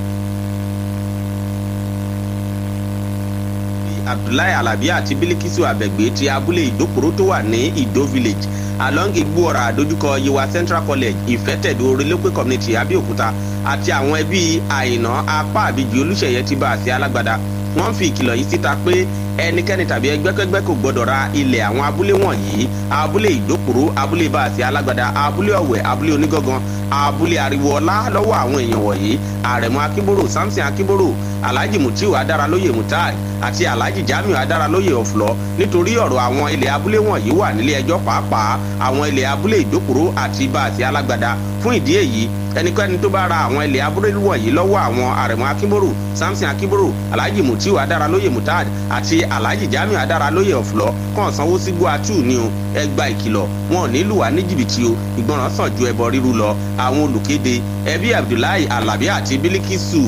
I: abdullahi alabi àti bilikisu abẹgbẹ ti abúlé ìdókòrò tó wà ní ìdó village along igbóọra àdójúkọ yewa central college ìfẹ́tẹ̀dó orílẹ̀pẹ̀ community abẹ́òkúta àti àwọn ẹbí àìná apá àbíjì olùṣeyẹ ti bá àṣẹ alágbádá wọ́n fi ìkìlọ̀ yìí síta pé ẹnikẹ́ni tàbí ẹgbẹ́kẹ́gbẹ́ kò gbọdọ̀ ra ilẹ̀ àwọn abúlé wọ̀nyí abúlé ìdókòrò abúlé báàsì alágbádá abúlé ọ̀wẹ̀ abúlé onígangan abúlé ariwo ọlá lọ́wọ́ àwọn èèyàn wọ̀nyí àrẹ̀mọ akíboro samson akíboro alhaji mutiu adaralóye mutai àti alhaji jamiu adaralóye ọ̀flọ́ nítorí ọ̀rọ̀ àwọn ilẹ̀ abúlé wọ̀nyí wà nílé ẹjọ́ pàápàá àwọn ilẹ̀ abúlé ìdókòrò àti báàsì alágbádá fún ìdí èyí ẹnikẹ́ni tó bá ra àwọn ilẹ̀ abúlé wọ̀nyí lọ́wọ́ àwọn àrẹ̀mọ akíboro samson akíboro alhaji mutiu adaralóye mutai àti alhaji jamiu adaralóye of law kàn sanwó sí guachu ni o ẹ gba ìkìlọ̀ wọn ò nílùú wa ní jìbìtì o ìgbọràn sàn ju ẹbọ rírú lọ àwọn olùkéde ẹbí abdullahi alabi àti bilikisu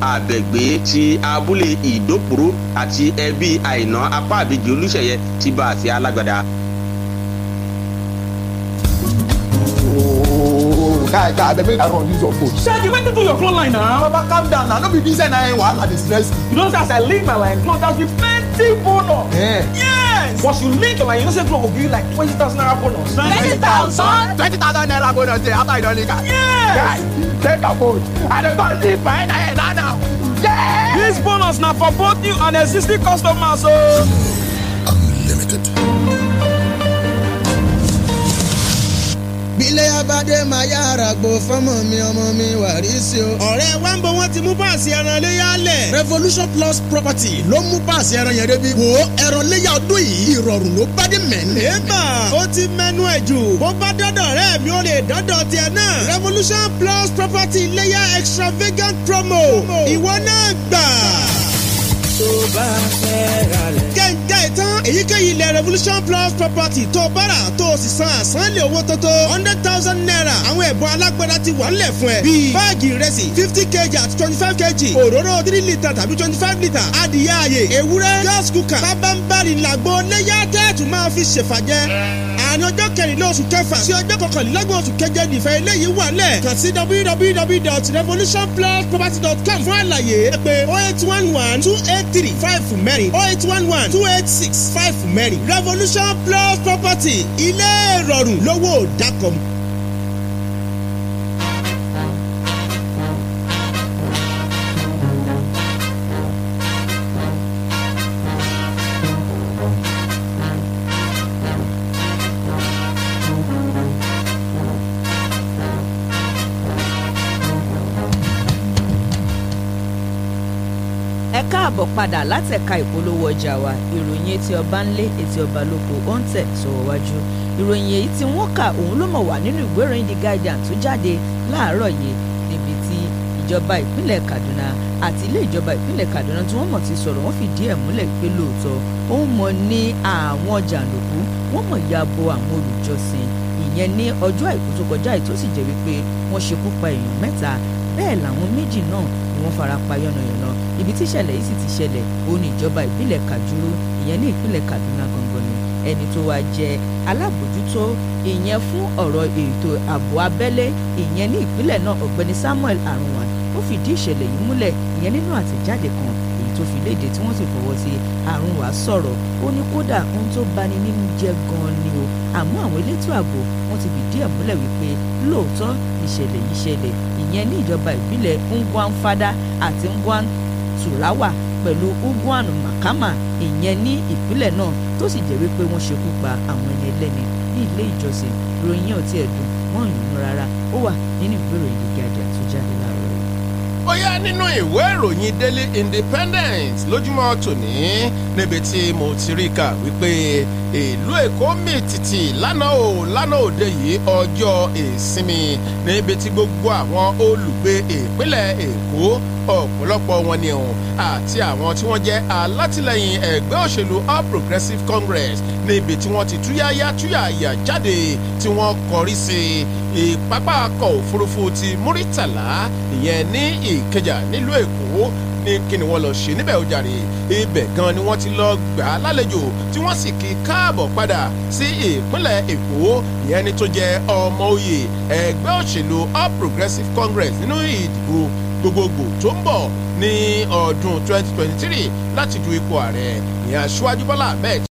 I: àbẹ̀gbé ti abúlé ìdókòrò àti ẹbí àìná apá àbíjì olúṣẹ̀yẹ ti bá àti alágbádá. guy guy abeg make i run use your phone.
A: shey you wetin do your cloth line na. baba calm down na no be this kind wahala dey stress you know say as i leave my line cloth that's the first receive bonus. Yeah. Yes. Once you link your line, you say club go give you like twenty thousand naira bonus. Twenty thousand. Twenty thousand naira bonus dey after you don link Yes. Guy, take a vote. I dey don leave my head now Yeah. This bonus now for both new and
D: existing customers o. Oh. So. bílẹ̀ abadé máa yára gbo fọ́mọ mi ọmọ mi wàrísí o. ọ̀rẹ́
I: wa ń bọ̀ wọ́n ti mú páàsì ẹran léyà lẹ̀. revolution plus property ló mú páàsì ẹran yẹn débi. wo ẹran léyà ọdún yìí ìrọ̀rùn ló bá dé mẹ́ni. èèmà ó ti mẹ́nu ẹ̀ jù bó bá dọ́dọ̀ rẹ̀ mi ò lè dọ́dọ̀ tiẹ̀ náà. revolution plus property léyà extravagant promo ìwọ náà gbà. tó bá
C: fẹ́ ra
I: lẹ̀ báyìí tán èyíkéyìí ilẹ̀ revolution plus property tó bára tó o sì san àsánlé owó tó hundred thousand naira àwọn ẹ̀bùn alágbádá ti wà nílẹ̀ fún ẹ bíi báàgì ìrẹsì fifty kg àti twenty five kg òróró three litre tàbí twenty five litre adìyẹ ààyè ewúrẹ́ gas cooker bábánbárì làgbo léyà tẹ́ẹ̀tù máa fi ṣèfàjẹ́ àárín ọjọ́ kẹrìnlá oṣù kẹfà sí ọjọ́ kọkànlélọ́gbọ̀n oṣù keje nìfẹ́ eléyìí wà lẹ̀ kàn sí www.revolutionplusproperty.com fún àlàyé ẹ oh eight one one two eight three five mẹ́rin oh eight one one two eight six five Mary. revolution plus property ilé
A: ìrọ̀rùn lówó dákọ̀mù.
G: káàbọ̀ padà látẹ̀ka ìpolówó ọjà wa ìròyìn etí ọba ńlé etí ọba lóko ó ń tẹ̀ sọ̀rọ̀ wájú ìròyìn èyí tí wọ́n kà òun ló mọ̀ wá nínú ìwé ìròyìn The Guardian tó jáde láàárọ̀ yìí níbi tí ìjọba ìpínlẹ̀ Kaduna àti ilé ìjọba ìpínlẹ̀ Kaduna tí wọ́n mọ̀ ti sọ̀rọ̀ wọ́n fìdí ẹ̀ múlẹ̀ pé lóòótọ́ ó mọ̀ ní àwọn jàǹdùkú wọ́n mọ̀ ya bo àwọn olùjọsìn ìyẹn ní ọjọ́ àìkú tó kọjá yìí tó sì jẹ́ wípé wọ́n ṣekú pa èèyàn mẹ́ta bẹ́ẹ̀ làwọn méjì náà ni wọ́n fara pa yánnayànna ibi tí ìṣẹ̀lẹ̀ yìí sì ti ṣẹlẹ̀ òun ni ìjọba ìbílẹ̀ kàdúró ìyẹn ní ìpínlẹ̀ kaduna gangan ni ẹni tó wá jẹ́ alábòjútó ìyẹn fún ọ̀rọ̀ ètò ààbò abẹ́lé ìyẹn ní ìpínlẹ̀ náà ọ̀gbẹ́ni samuel arunwa ó fìdí ìṣẹ̀lẹ̀ yìí múlẹ̀ ìyẹn nínú àtẹ̀jáde kan èyí tó fi léde tí wọ́n sì fọwọ́ sí arunwa sọ̀rọ̀ ó ní kódà ohun tó bani nínú jẹ́ gan-an ni o àmọ́ àwọn elétò ààbò wọ́n ti fìdí ẹ̀ múlẹ̀ wípé lóòótọ́ ìṣẹ̀lẹ̀ yìí ṣẹlẹ̀ ìyẹn ní ìjọba ìbílẹ̀ ngwan fada àti ngwan Turawa pẹ̀lú Ugwan Makama ìyẹn ní ìpínlẹ̀ náà tó sì jẹ́ wípé wọ́n ṣekú pa àwọn ẹni ẹlẹ́ni ní ilé ìjọsìn ròyìn ọtí ẹ̀dùn wọ́n yìn mú rárá ó wà nínú ìwé ìròyìn gíga tó jáde láàárọ̀ yìí.
H: ó nínú ìwé ìròyìn Daily Independent lójúmọ́ tòní níbi tí mo ti rí kà wípé ìlú èkó mì tìtì lánàá ò lánàá òde yìí ọjọ́ ìsinmi níbi tí gbogbo àwọn olùgbé ìpínlẹ̀ èkó ọ̀pọ̀lọpọ̀ wọn ni ẹ̀wọ̀n àti àwọn tí wọ́n jẹ́ alátìlẹyìn ẹgbẹ́ òṣèlú All Progressives Congress níbi tí wọ́n ti túyáyá túyàyà jáde tí wọ́n kọrí sí ìpápákọ̀ òfurufú ti Muritala ìyẹn ní Ìkẹjà nílùú Èkó ní kí ni lọ ṣe níbẹ̀ ó ibẹ̀ gan ni wọ́n ti lọ gbà á lálejò tí wọ́n sì kí káàbọ̀ padà sí ìpínlẹ̀ Èkó ìyẹn ni tó jẹ́ ọmọ òye ẹgbẹ́ òṣèlú All Progressives Congress nínú ìdìbò gbogbogbò tó ń bọ̀ ní ọdún 2023 láti du
B: ipò ààrẹ ìyẹn aṣíwájú bọ́lá ahmed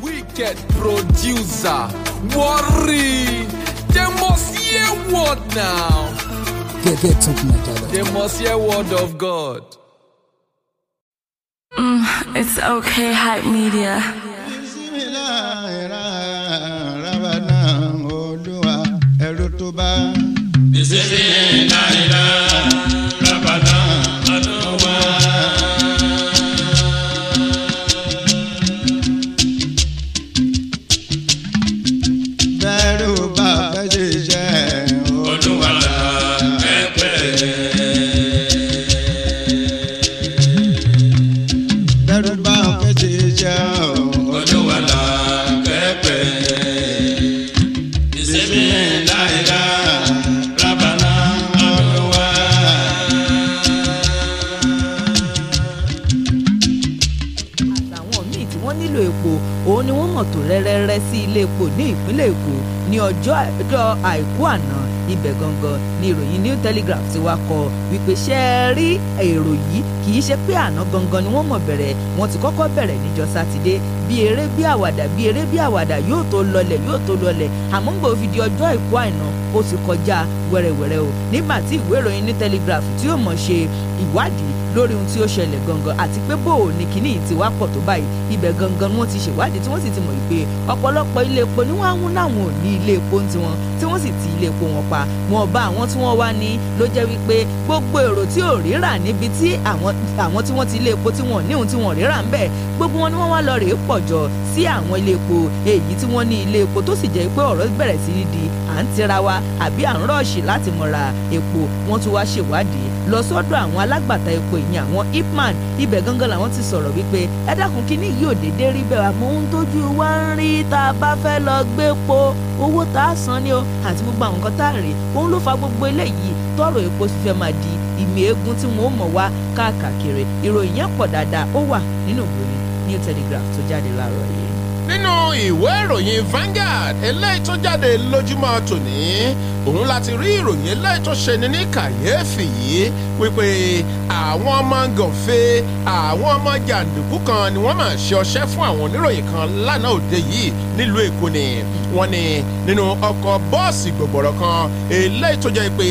E: Wicked producer, worry. They
F: must hear word now. Get, get something like They must hear word of God.
E: Mm, it's okay, hype media.
D: Bismillah,
G: ti wá kọ wípé ṣé ẹ rí èrò yìí kì í ṣe pé àná gangan ni wọ́n mọ̀ bẹ̀rẹ̀ wọ́n ti kọ́kọ́ bẹ̀rẹ̀ níjọ́ sátidé bí eré bí àwàdà bí eré bí àwàdà yóò tó lọlẹ̀ yóò tó lọlẹ̀ àmọ́ ń gbòó fi di ọjọ́ àìná ó ti kọjá wẹ́rẹ́wẹ́rẹ́ o nígbà tí ìwé ìròyìn ní Telegraph tí ó mọ̀ ṣe ìwádìí lórí ohun tí ó ṣẹlẹ̀ gangan àti pé bò ní kíní yìí ti wá pọ̀ tó báyìí ibẹ̀ gangan ni wọ́n ti ṣèwádìí tí wọ́n sì ti mọ̀ pé ọ̀pọ̀lọpọ̀ ilé epo ni wọ́n á mú láwọn ò ní ilé epo tiwọn tí wọ́n sì ti ilé epo wọn pa wọn bá àwọn tí wọ́n wá ní ló jẹ́ wípé gbogbo èrò tí ò rírà níbi tí àwọn tí wọ́n ti ilé epo tí wọ́n ní ohun tí wọ́n rírà ń bẹ̀ gbogbo wọn ni wọ́n wá lọ rèé pọ̀ jọ sí àwọn ilé epo èyí tí wọ́n ní ilé epo tó sì jẹ́ pé ọ̀rọ̀ bẹ̀rẹ̀ sí í di à ń tira wa àbí à ń rọ̀ọ̀ṣì láti mọ̀ra epo wọ́n tún wá ṣèwádìí lọ sọ́dọ̀ àwọn alágbàtà epo ìyẹn àwọn ipman ibẹ̀ gangan làwọn ti sọ̀rọ̀ wípé ẹ dákun kínní yìí ò déédéé rí bẹ́ẹ̀ àmọ́ ohun tójú wa ń rí tá a bá fẹ́ lọ gbé owó tá a san ni o àti gbogbo àwọn nǹkan tá a rè òun ló fa gbogbo eléyìí tọrọ epo sì fẹ́ máa di ìmì eegun tí wọn ò mọ̀ wá káàkiri ìròyìn yẹn pọ̀ dáadáa ó wà nínú ìròyìn New Telegraph tó jáde láàárọ̀ yìí
H: nínú ìwé ìròyìn Vanguard eléyìí tó jáde lójúmọ́ tòní òun láti rí ìròyìn eléyìí tó ṣeni ní kàyéfì yìí wípé àwọn ọmọ gànfẹ àwọn ọmọ jàǹdùkú kan ni wọ́n máa ṣe ọṣẹ́ fún àwọn oníròyìn kan lánàá òde yìí nílùú Èkó ni wọ́n ní nínú ọkọ̀ bọ́ọ̀sì gbọ̀gbọ̀rọ̀ kan eléyìí tó jẹ́ pé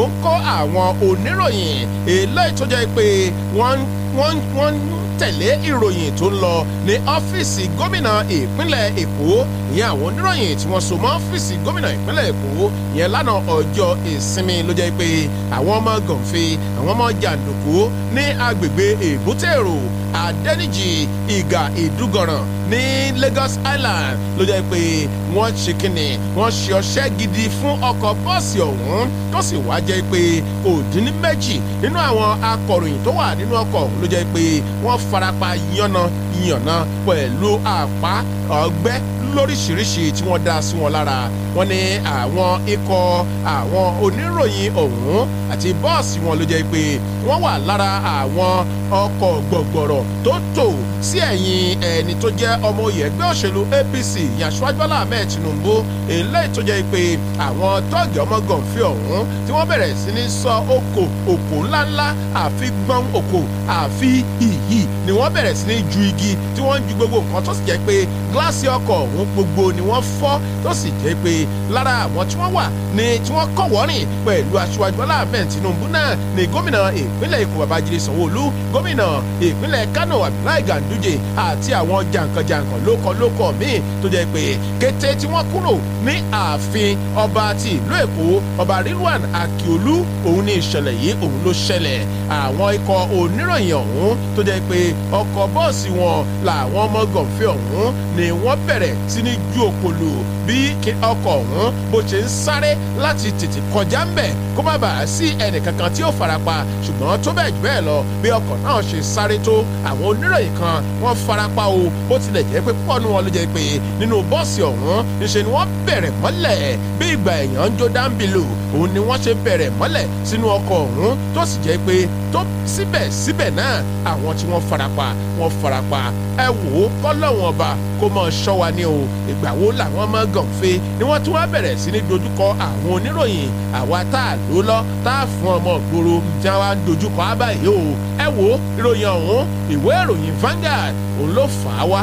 H: ó ń kó àwọn oníròyìn eléyìí tó jẹ́ pé wọ́n ń tẹ̀lé ìròyìn tó ń lọ ní ọ́fíìsì gómìnà ìpínlẹ̀ Èkó ìyẹn àwọn oníròyìn tí wọ́n so mọ́ ọ́fíìsì gómìnà ìpínlẹ̀ Èkó ìyẹn lánàá ọjọ́ ìsinmi ló jẹ́ pé àwọn ọmọ gànfẹ́ àwọn ọmọ jàǹdùkú ní agbègbè èbúté èrò ìgà ìdúgọ̀ràn ní Lagos Island ló jẹ́ pé wọ́n ṣe kínni wọ́n ṣe ọṣẹ́ gidi fún ọkọ̀ bọ́ọ̀sì ọ̀hún tó sì wá jẹ́ pé kò dín ní méjì nínú àwọn akọ̀ròyìn tó wà nínú ọkọ̀ ló jẹ́ pé wọ́n farapa yànnà yànnà pẹ̀lú àpá ọgbẹ́ lóríṣiríṣi tí wọ́n dá sí wọn lára wọn ni àwọn ikọ̀ àwọn oníròyìn ọ̀hún àti bọ́ọ̀sì wọn ló jẹ́ pé wọ́n wà lára àwọn ọkọ̀ gbọ̀gbọ̀rọ̀ tó tò sí ẹ̀yìn ẹni tó jẹ́ ọmọ oyè ẹgbẹ́ òṣèlú APC yasuwajola ahmed tinubu eléyìí tó jẹ́ pé àwọn tọ́ọ̀gì ọmọ gànfẹ́ ọ̀hún tí wọ́n bẹ̀rẹ̀ sí ní sọ oko òkò ńláńlá àfi gbọ́n òkò àfi ìyì ni wọ́n bẹ̀rẹ̀ sí ní ju igi tí wọ́n ń ju gbogbo nǹkan tó sì jẹ́ pé gíláàsì ọkọ̀ ọ̀hún gbogbo ni wọ́n fọ́ tó sì jẹ́ pé lára àwọn tí wọ́n wà ni tí wọ́n kọ̀wọ́rìn pẹ̀lú aṣọ àjọlá gómìnà ìpínlẹ̀ Kánò Abdullahi Ganduje àti àwọn jàǹkànjàǹkàn lókọlókọ míì tó jẹ́ pé kété tí wọ́n kúrò ní ààfin ọba ti ìlú Èkó ọba Rilwan Akiolu òun ní ìṣẹ̀lẹ̀ yìí òun ló ṣẹlẹ̀ àwọn ikọ̀ oníròyìn ọ̀hún tó jẹ́ pé ọkọ̀ bọ́ọ̀sì wọn làwọn ọmọ gànfẹ́ ọ̀hún ni wọ́n bẹ̀rẹ̀ sí ní ju òkòlò bí ọkọ̀ ọ̀hún bó ṣe ń sáré láti tètè kọjá ń bẹ̀ kó má bàa sí ẹnìkankan tí ó farapa ṣùgbọ́n tó bẹ́ẹ̀ jù bẹ́ẹ̀ lọ bí ọkọ̀ náà báwọn ṣe sáré tó àwọn oníròyìn kan wọ́n farapa o bó tilẹ̀ jẹ́ pé púpọ̀ nù wọn ló jẹ́ pé nínú bọ́ọ̀sì ọ̀hún níṣe ni wọ́n bẹ̀rẹ̀ mọ́lẹ̀ bí ìgbà èèyàn ń jó dáńbìlò òun ni wọ́n ṣe bẹ̀rẹ̀ mọ́lẹ̀ sínú ọkọ̀ ọ̀hún tó sì jẹ́ pé tó síbẹ̀síbẹ̀ náà àwọn tí wọ́n farapa wọ́n farapa ẹ wò ó kọ́lọ́wọ́n ọba kó mọ̀ ṣọ́ wa ní o ìgbà wo làwọn mọ́ gànfẹ́ ni wọ́n tún wá bẹ̀rẹ̀ sí ní dojúkọ àwọn oníròyìn àwa tá a lò lọ tá a fún ọmọ gbòòrò já wa ń dojúkọ á báyìí o ẹ wò ó ìròyìn ọ̀hún ìwé ìròyìn Vanguard òun ló fà á wá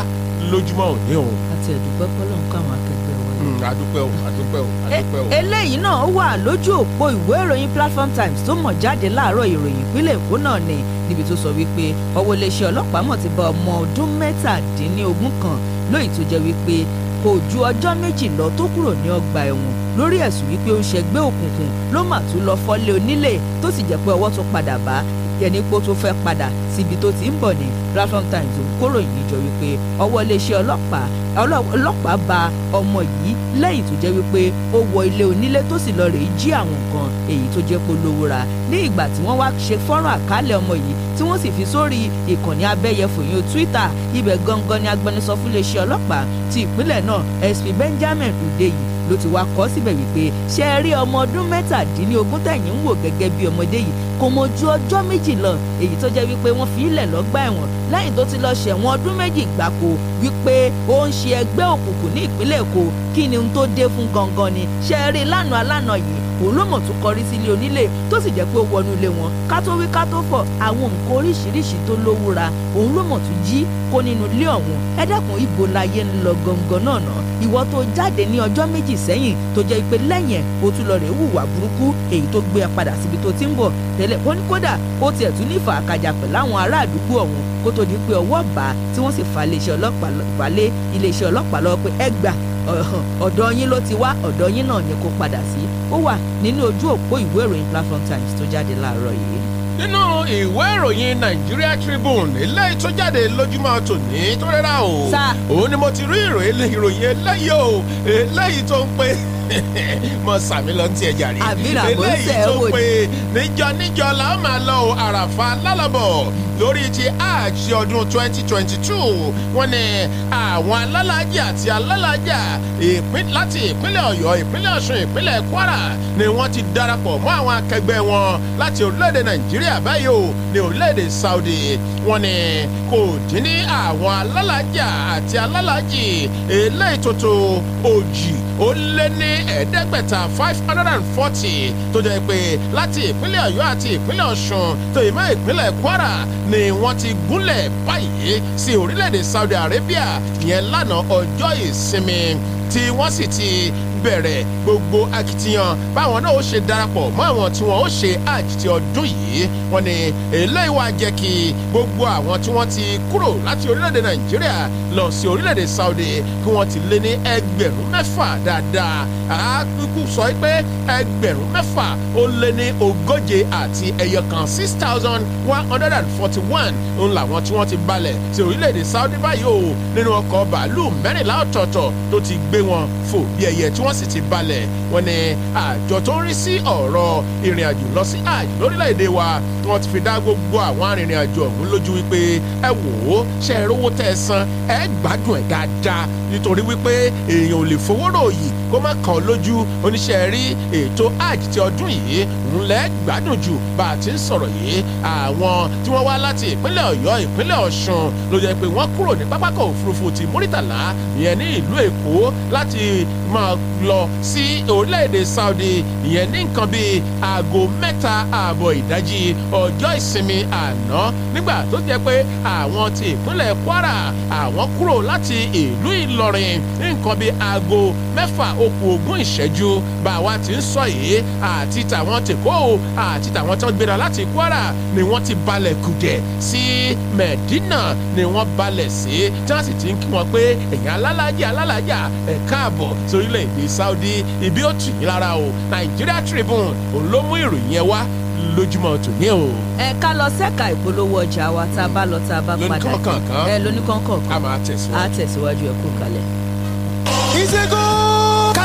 H: lójúmọ́
G: òní òun. àti ẹ̀dùpẹ́ kọ́lọ́ ń káwọn akẹgbẹ́ wa. àdúpẹ́ hmm, o àdúpẹ́ o àdúpẹ́ o. eléyìí náà wà lójú òpó ìwé ìròyìn Platform Times tó mọ̀ jáde láàárọ̀ ìròyìn ìpínlẹ̀ Èkó náà ni níbi tó sọ wípé ọwọ́ iléeṣẹ́ ọlọ́pàá mọ̀ ti bá ọmọ ọdún mẹ́tàdínlógún kan lóyìí tó jẹ́ wípé kò ju ọjọ́ méjì lọ tó kúrò ní ọgbà ẹ̀wọ̀n lórí ẹ̀sùn wípé ó ń ṣẹgbẹ́ òkùnkùn ló mà tún lọ fọ́lé onílé tó sì jẹ́ pé ọwọ́ tún padà bá yẹni pé ó tún fẹ́ padà síbi tó ti ń bọ̀ ní Platform Times òun ìjọ wípé ọwọ́ iléeṣẹ́ ọlọ́pàá ọlọ́pàá bá ọmọ yìí lẹ́yìn tó jẹ́ wípé ó wọ ilé onílé tó sì lọ rèé jí àwọn nǹkan èyí tó jẹ́ polówó ra ní ìgbà tí wọ́n wá ṣe fọ́nrán àkálẹ̀ ọmọ yìí tí wọ́n sì fi sórí ìkànnì abẹ́yẹfò yín Twitter ibẹ̀ gangan ni agbẹnusọ fún iléeṣẹ́ ọlọ́pàá ti ìpínlẹ̀ náà SP Benjamin Hundeyi ló ti wá kọ́ síbẹ̀ wípé ṣe é rí ọmọ ọdún mẹ́tàdínlógún tẹ̀yìn ń wò gẹ́gẹ́ bí ọmọdé yìí kò mọ ju ọjọ́ méjì lọ èyí tó jẹ́ wípé wọ́n fi ilẹ̀ lọ́gbà ẹ̀wọ̀n lẹ́yìn tó ti lọ ṣẹ̀wọ̀n ọdún méjì gbáko wípé ó ń ṣe ẹgbẹ́ òkùnkùn ní ìpínlẹ̀ èkó kí ni ohun tó dé fún gangan ni ṣe eré lánàá lánàá yìí òun ló mọ̀ tó kọrí sí ilé onílé tó sì jẹ́ pé ó wọnú ilé wọn ká tó wí ká tó fọ̀ àwọn nǹkan oríṣiríṣi tó lówúra òun ló mọ̀ tó jí kó nínú ilé ọ̀hún ẹ dákun láyé ń lọ gangan náà náà ìwọ tó jáde ní ọjọ́ méjì sẹ́yìn tó jẹ́ pé lẹ́yìn ẹ̀ tún lọ rẹ̀ hùwà burúkú èyí tó gbé padà síbi tó ti ń bọ̀ tẹ́lẹ̀ wọ́n ní kódà ó tiẹ̀ tún ní ìfàkàjà pẹ̀lú àwọn ará àdúgbò ọ̀hún kó tó di pé ọwọ́ bá tí wọ́n sì fa iléeṣẹ́ ọlọ́pàá lé iléeṣẹ́ ọlọ́pàá lọ́wọ́ pé ẹ gbà ọ̀dọ̀ yín ló ti wá ọ̀dọ̀ yín náà ni kó padà sí ó wà nínú ojú òpó ìwé ìròyìn Platform Times tó jáde láàárọ̀ yìí
H: nínú ìwé ìròyìn Nigeria Tribune eléyìí tó jáde lójúmọ́ tòní tó rẹ́ra o òun ni mo ti rí ìròyìn eléyìí o eléyìí tó ń pè é mo sàmì lọ tí ẹ jàre eléyìí tó pé níjọ níjọ làwọn máa lọ àràfà lálọ́bọ̀ lórí ti hajj ọdún twenty twenty two wọ́n ní àwọn alálàájì àti alálàájà láti ìpínlẹ̀ ọ̀yọ́ ìpínlẹ̀ ọ̀ṣun ìpínlẹ̀ kwara ni wọ́n ti darapọ̀ mọ́ àwọn akẹgbẹ́ wọn láti orílẹ̀-èdè nàìjíríà báyìí o ní orílẹ̀-èdè saudi wọ́n ní kò dín ní àwọn alálàájà àti alálàájì eléyìí tuntun òjì ó lé ní ẹ̀ẹ́dẹ́gbẹ̀ta five hundred and forty tó jẹ́ pé láti ìpínlẹ̀ ọ̀yọ́ àti ìpínlẹ̀ ọ̀ṣun tó ìmọ̀ ni wọ́n ti gúnlẹ̀ báyìí sí orílẹ̀-èdè Saudi Arabia yẹn lánàá ọjọ́ ìsinmi tí wọ́n sì ti bẹ̀rẹ̀ gbogbo akitiyan báwọn náà ó ṣe darapọ̀ mọ́ àwọn tí wọ́n ó ṣe hajj ọdún yìí wọ́n ní eléyìí wá jẹ́ kí gbogbo àwọn tí wọ́n ti kúrò láti orílẹ̀-èdè nàìjíríà lọ sí orílẹ̀-èdè saudi kí wọ́n ti lé ní ẹgbẹ̀rún mẹ́fà dáadáa àákùkù sọ pé ẹgbẹ̀rún mẹ́fà ó lé ní ogóje àti ẹyọ kan six thousand one hundred and forty one ń làwọn tí wọ́n ti balẹ̀ sí orílẹ̀-èdè saudi báyìí o nínú ọkọ̀ bàálù mẹ́rìnlá ọ̀tọ̀ọ̀tọ̀ tó ti gbé wọn fò bí ẹyẹ tí wọ́n sì ti balẹ̀ wọ́n ní àjọ tó ń rí sí ọ̀rọ̀ ìrìn àjò lọ sí àjò lórílẹ̀‐èdè wa wọ́n ti fi dá gbogbo àwọn arìnrìn àjò ọ̀hún lójú wípé ẹ wò ó ṣe é rówó tẹ́ ẹ san ẹ gbádùn ẹ̀ dáadáa nítorí wípé èèyàn ò lè fowó ròyìn kó má kàn lójú oníṣẹ́ rí ètò hajj ti ọdún yìí ńlẹ́ gbádùn jù bá a ti ń sọ̀rọ̀ yìí àwọn tí wọ́n wá láti ìpínlẹ̀ ọ̀yọ́ ìpínlẹ̀ ọ̀ṣun ló jẹ́ pé wọ́n kúrò ní pápákọ̀ òfurufú ti múrítàlá ìyẹn ní ìlú lọ sí orílẹ̀-èdè Saudi ìyẹn ní nǹkan bíi aago mẹ́ta ààbọ̀ ìdájí ọjọ́ ìsinmi àná nígbà tó jẹ́ pé àwọn ti ìpínlẹ̀ Kwara àwọn kúrò láti ìlú Ìlọrin ní nǹkan bíi aago mẹ́fà okù ogún ìṣẹ́jú bá wa ti ń sọ yìí àti tàwọn tèkó àti tàwọn tó gbéra láti Kwara ni wọ́n ti balẹ̀ kùdẹ̀ sí Mẹ̀dínà ni wọ́n balẹ̀ sí tí wọ́n sì ti ń kí wọn pé ẹ̀yin alálàájì alálàájà ẹ káàbọ̀ sórílẹ̀-èdè Saudi ibi ó tù yín lára o Nigeria Tribune òun ló mú ìròyìn yẹn wá lójúmọ́ tòní o.
G: ẹ ká lọ sẹ́ka ìpolówó ọjà wa tá a bá lọ tá a bá padà dé lóníkànkàn kan ẹ lóníkànkàn kan a máa tẹ̀síwájú ẹ kú kalẹ̀.
A: ìṣègùn.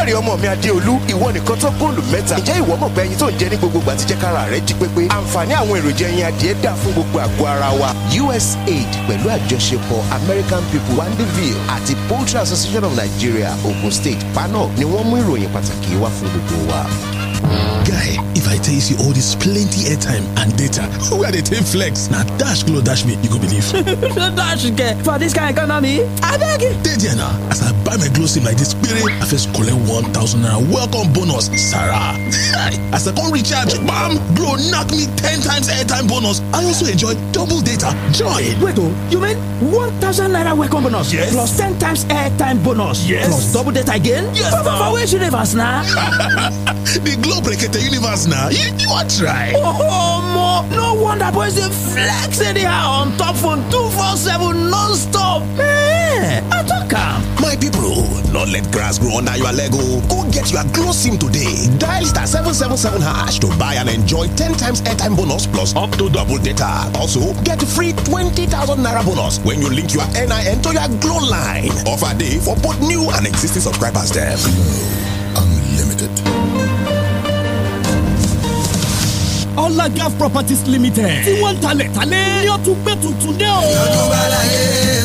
A: Dáre ọmọ mi Adéolú ìwọ nìkan tó góòlù
B: mẹ́ta ǹjẹ́ ìwọ mọ̀ pé ẹyin tó ń jẹ ní gbogbo ìgbà ti jẹ́ kára rẹ̀ di pépé àǹfààní àwọn èròjà ẹyin adìẹ dà fún gbogbo àgọ́ ara wa USAID pẹ̀lú àjọṣepọ̀ American People Wandeville àti Poultry Association of Nigeria Ogun State panel ni wọ́n mú ìròyìn pàtàkì wá fún gbogbo wa
H: guy if i tell you see all this plenty airtime and data wey i dey take flex Now dash glow dash me you go believe
A: (laughs) dash get for dis kain economy abeg dey there
H: na as i buy my glow sim like this, kpere i first collect one thousand naira welcome bonus sarah (laughs) as i come recharge bam glow knock me ten times airtime bonus i also enjoy
A: double data join wait oh, you mean one thousand naira welcome bonus yes plus ten times airtime bonus yes plus double data again yes for for where should live as now? (laughs) the glow globe rekete universe now. you, you wan try. omo mo! no wonder boys dey flex anyhow on top phone two four seven non-stop. Hey, eh, i don't am. my people not let grass grow under your leg oh. go get your glow sim today dial
H: star seven seven seven hash to buy and enjoy ten times airtime bonus plus up to double data also get free twenty thousand naira bonus when you link your nin to your glow line offer
A: day for both new and existing subscribers There, glow unlimited. Ọlága Properties Limited tí wọ́n ń talẹ̀ talẹ̀ ní ọtún gbé tuntun dé o. ìyọ̀dún bá
C: láyé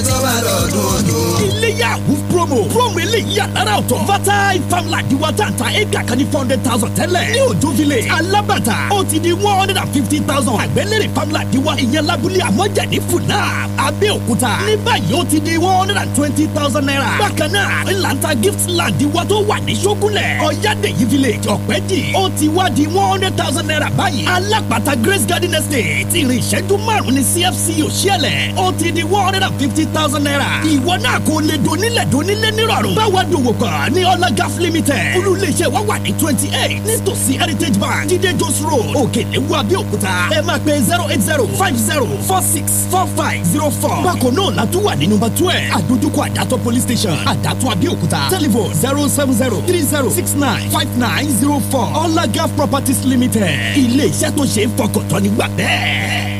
C: tó bá lọ́dún
A: ọdún. iléyàwó promo promo eléyìí àtàrà ọ̀tọ̀ fertile farmland wa tàǹtà éga kan ní four hundred thousand tẹ́lẹ̀ ní òjò village alábàtà ó ti di one hundred and fifty thousand àgbẹ̀lẹ̀rẹ̀ farmland wa ìyẹn lábúlé àmọ́jà ní fúnà abẹ́òkúta ní báyìí ó ti di one hundred and twenty thousand naira bákan náà ńláńtà gift land wa tó wà ní sókúnlẹ̀ ọ̀yádẹ̀yí village ọ̀pẹ́jì ó ti wá di one hundred thousand naira báyìí alápàtà grace garden estate ìrìn ìṣẹ́jú márùn-ún ní cfc òṣìẹ̀lẹ̀ ó ti di one hundred and fifty thousand naira ìwọ náà kò lè donílẹ̀ donílẹ̀ nílé nírọ̀rùn báwa dòwò kan ní ọlágaf limited olú iléeṣẹ́ wa wà ní twenty eight nítòsí heritage bank jíde jos road òkèlèwu abẹ́òkúta ẹ máa pe zero eight zero five zero four six four five zero four bákan náà la tún wà ní nọ́mbà twelve àdójúkọ àdàtọ̀ police station àdàtọ̀ abẹ́òkúta telephone zero seven zero three zero six nine five nine zero four ọlágaf properties limited ilé iṣẹ́ tó ṣe é fọkàn tán nígbà bẹ́ẹ̀.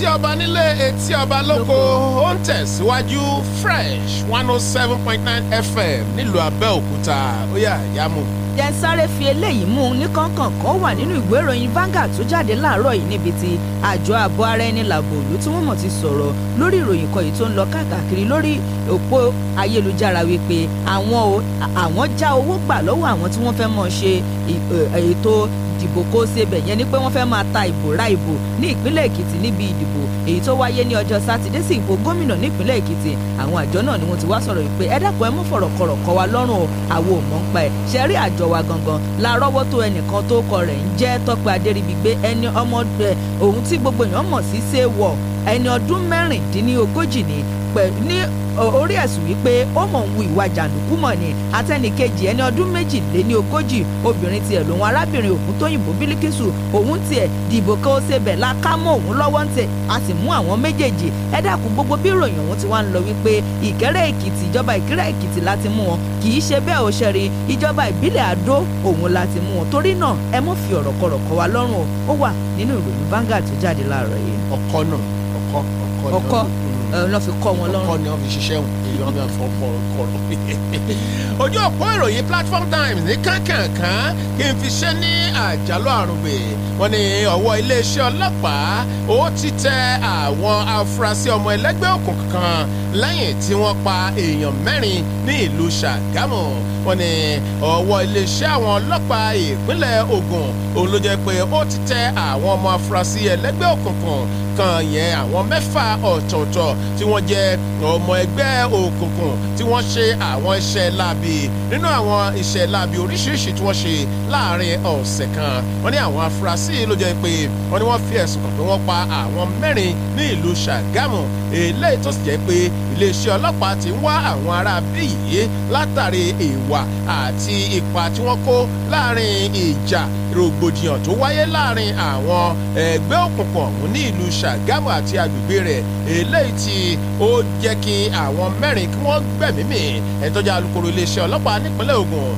H: etí ọba nílé etí ọba lóko ó ń tẹ̀síwájú fresh one oh seven point nine fm nílùú
G: abẹ́òkúta ó yà yá mu. fi eléyìí mú un ní kọ̀ọ̀kan kan wà nínú ìwé ìròyìn Vanguard tó jáde láàárọ̀ yìí níbi tí àjọ ààbò ara ẹni làbò òlú tí wọ́n mọ̀ ti sọ̀rọ̀ lórí ìròyìn kan yìí tó ń lọ káàkiri lórí òpó ayélujára wípé àwọn já owó gbà lọ́wọ́ àwọn tí wọ́n fẹ́ mọ̀ ṣe ètò ìdìbò kó ṣe bẹ̀ yẹn ni pé wọ́n fẹ́ máa ta ìbò ra ìbò ní ìpínlẹ̀ èkìtì níbi ìdìbò èyí tó wáyé ní ọjọ́ sátidé sí ìbò gómìnà nípínlẹ̀ èkìtì àwọn àjọ náà ni wọ́n ti wá sọ̀rọ̀ yìí pé ẹ ẹ mú fọ̀rọ̀kọ̀rọ̀ kọ wa lọ́rùn o àwo mọ̀ ń pa ẹ̀ ṣe rí àjọ wa gangan la rọ́wọ́ tó ẹnìkan tó kọ rẹ̀ ń jẹ́ tọ́pẹ́ adéríbigbé ẹni ọmọ òun tí gbogbo èèyàn mọ̀ sí ṣe wọ̀ ẹni ọdún mẹ́rìndínlógójì ni ní orí ẹ̀sùn wípé ó mọ̀ ń wu ìwà jàǹdùkú mọ̀ ni àtẹnìkejì ẹni ọdún méjìléníogójì obìnrin tiẹ̀ lòun arábìnrin Ògúntóyìnbó Bílíkísù òun tiẹ̀ dìbò kan ó ṣe bẹ̀ la ká mọ́ òun lọ́wọ́ ń tẹ̀ a sì mú àwọn méjèèjì ẹ dákun gbogbo bí ìròyìn ọ̀hún ti wá ń lọ wípé Ìkẹ́rẹ́ Èkìtì ìjọba Ìkẹ́rẹ́ Èkìtì láti mú wọn kì í ṣe bẹ́ẹ̀ ó ṣẹ̀rí ìjọba ìbílẹ̀ Àdó òun láti mú wọn torí náà ẹ mọ̀ fi ọ̀rọ̀ kọ̀rọ̀ kọ wa lọ́rùn o ó wà nínú ìròyìn Vanguard tó jáde láàárọ̀ yìí. ọkọ náà ọkọ ọkọ náà lọ́ọ́ fi kọ́ wọn lọ́rùn. ọkọ ni wọn fi ṣiṣẹ́ èèyàn náà fọwọ́ kọ̀ọ̀rọ̀. ojú
H: òpó ìròyìn platform times ní kánkànkán kí n fi ṣe ní àjálù àrùnbè wọn ni ọwọ́ iléeṣẹ́ ọlọ́pàá ó ti tẹ àwọn afurasí ọmọ ẹlẹ́gbẹ́ òkùnkùn kan lẹ́yìn tí wọ́n pa èèyàn mẹ́rin ní ìlú Ṣàgámù wọn ni ọwọ́ iléeṣẹ́ àwọn ọlọ́pàá ìpínlẹ̀ Ògùn òun ló jẹ́ pé ó ti tẹ àwọn ọmọ afurasí ẹlẹ́gbẹ́ òkùnkùn kan yẹn àwọn mẹ́fà ọ̀tọ̀ọ̀tọ̀ tí wọ́n jẹ́ ọmọ ẹgbẹ́ òkùnkùn tí wọ́n ṣe àwọn iṣẹ́ láabi nínú àwọn iṣẹ́ láabi oríṣiríṣi tí wọ́n ṣe láàrin ọ̀sẹ̀ kan wọ́n ní àwọn afurasí ló jẹ́ pé wọ́n ní wọ́n fi ẹ̀sùn kàn pé wọ́n pa àwọn mẹ́rin ní ìlú Ṣàgámù èlé tó sì jẹ́ pé iléeṣẹ́ ọlọ́pàá ti ń wá àwọn ará bí yìí látàrí ìwà àti ipa tí wọ́n kó láàrin ìjà rògbòdìyàn tó wáyé láàrin àwọn ẹgbẹ́ òkùnkùn ọ̀hún ní ìlú Ṣàgámù àti agbègbè rẹ̀ eléyìí tí ó jẹ́ kí àwọn mẹ́rin kí wọ́n gbẹ̀mímì ẹ̀tọ́jà alukoro iléeṣẹ́ ọlọ́pàá nípínlẹ̀ Ògùn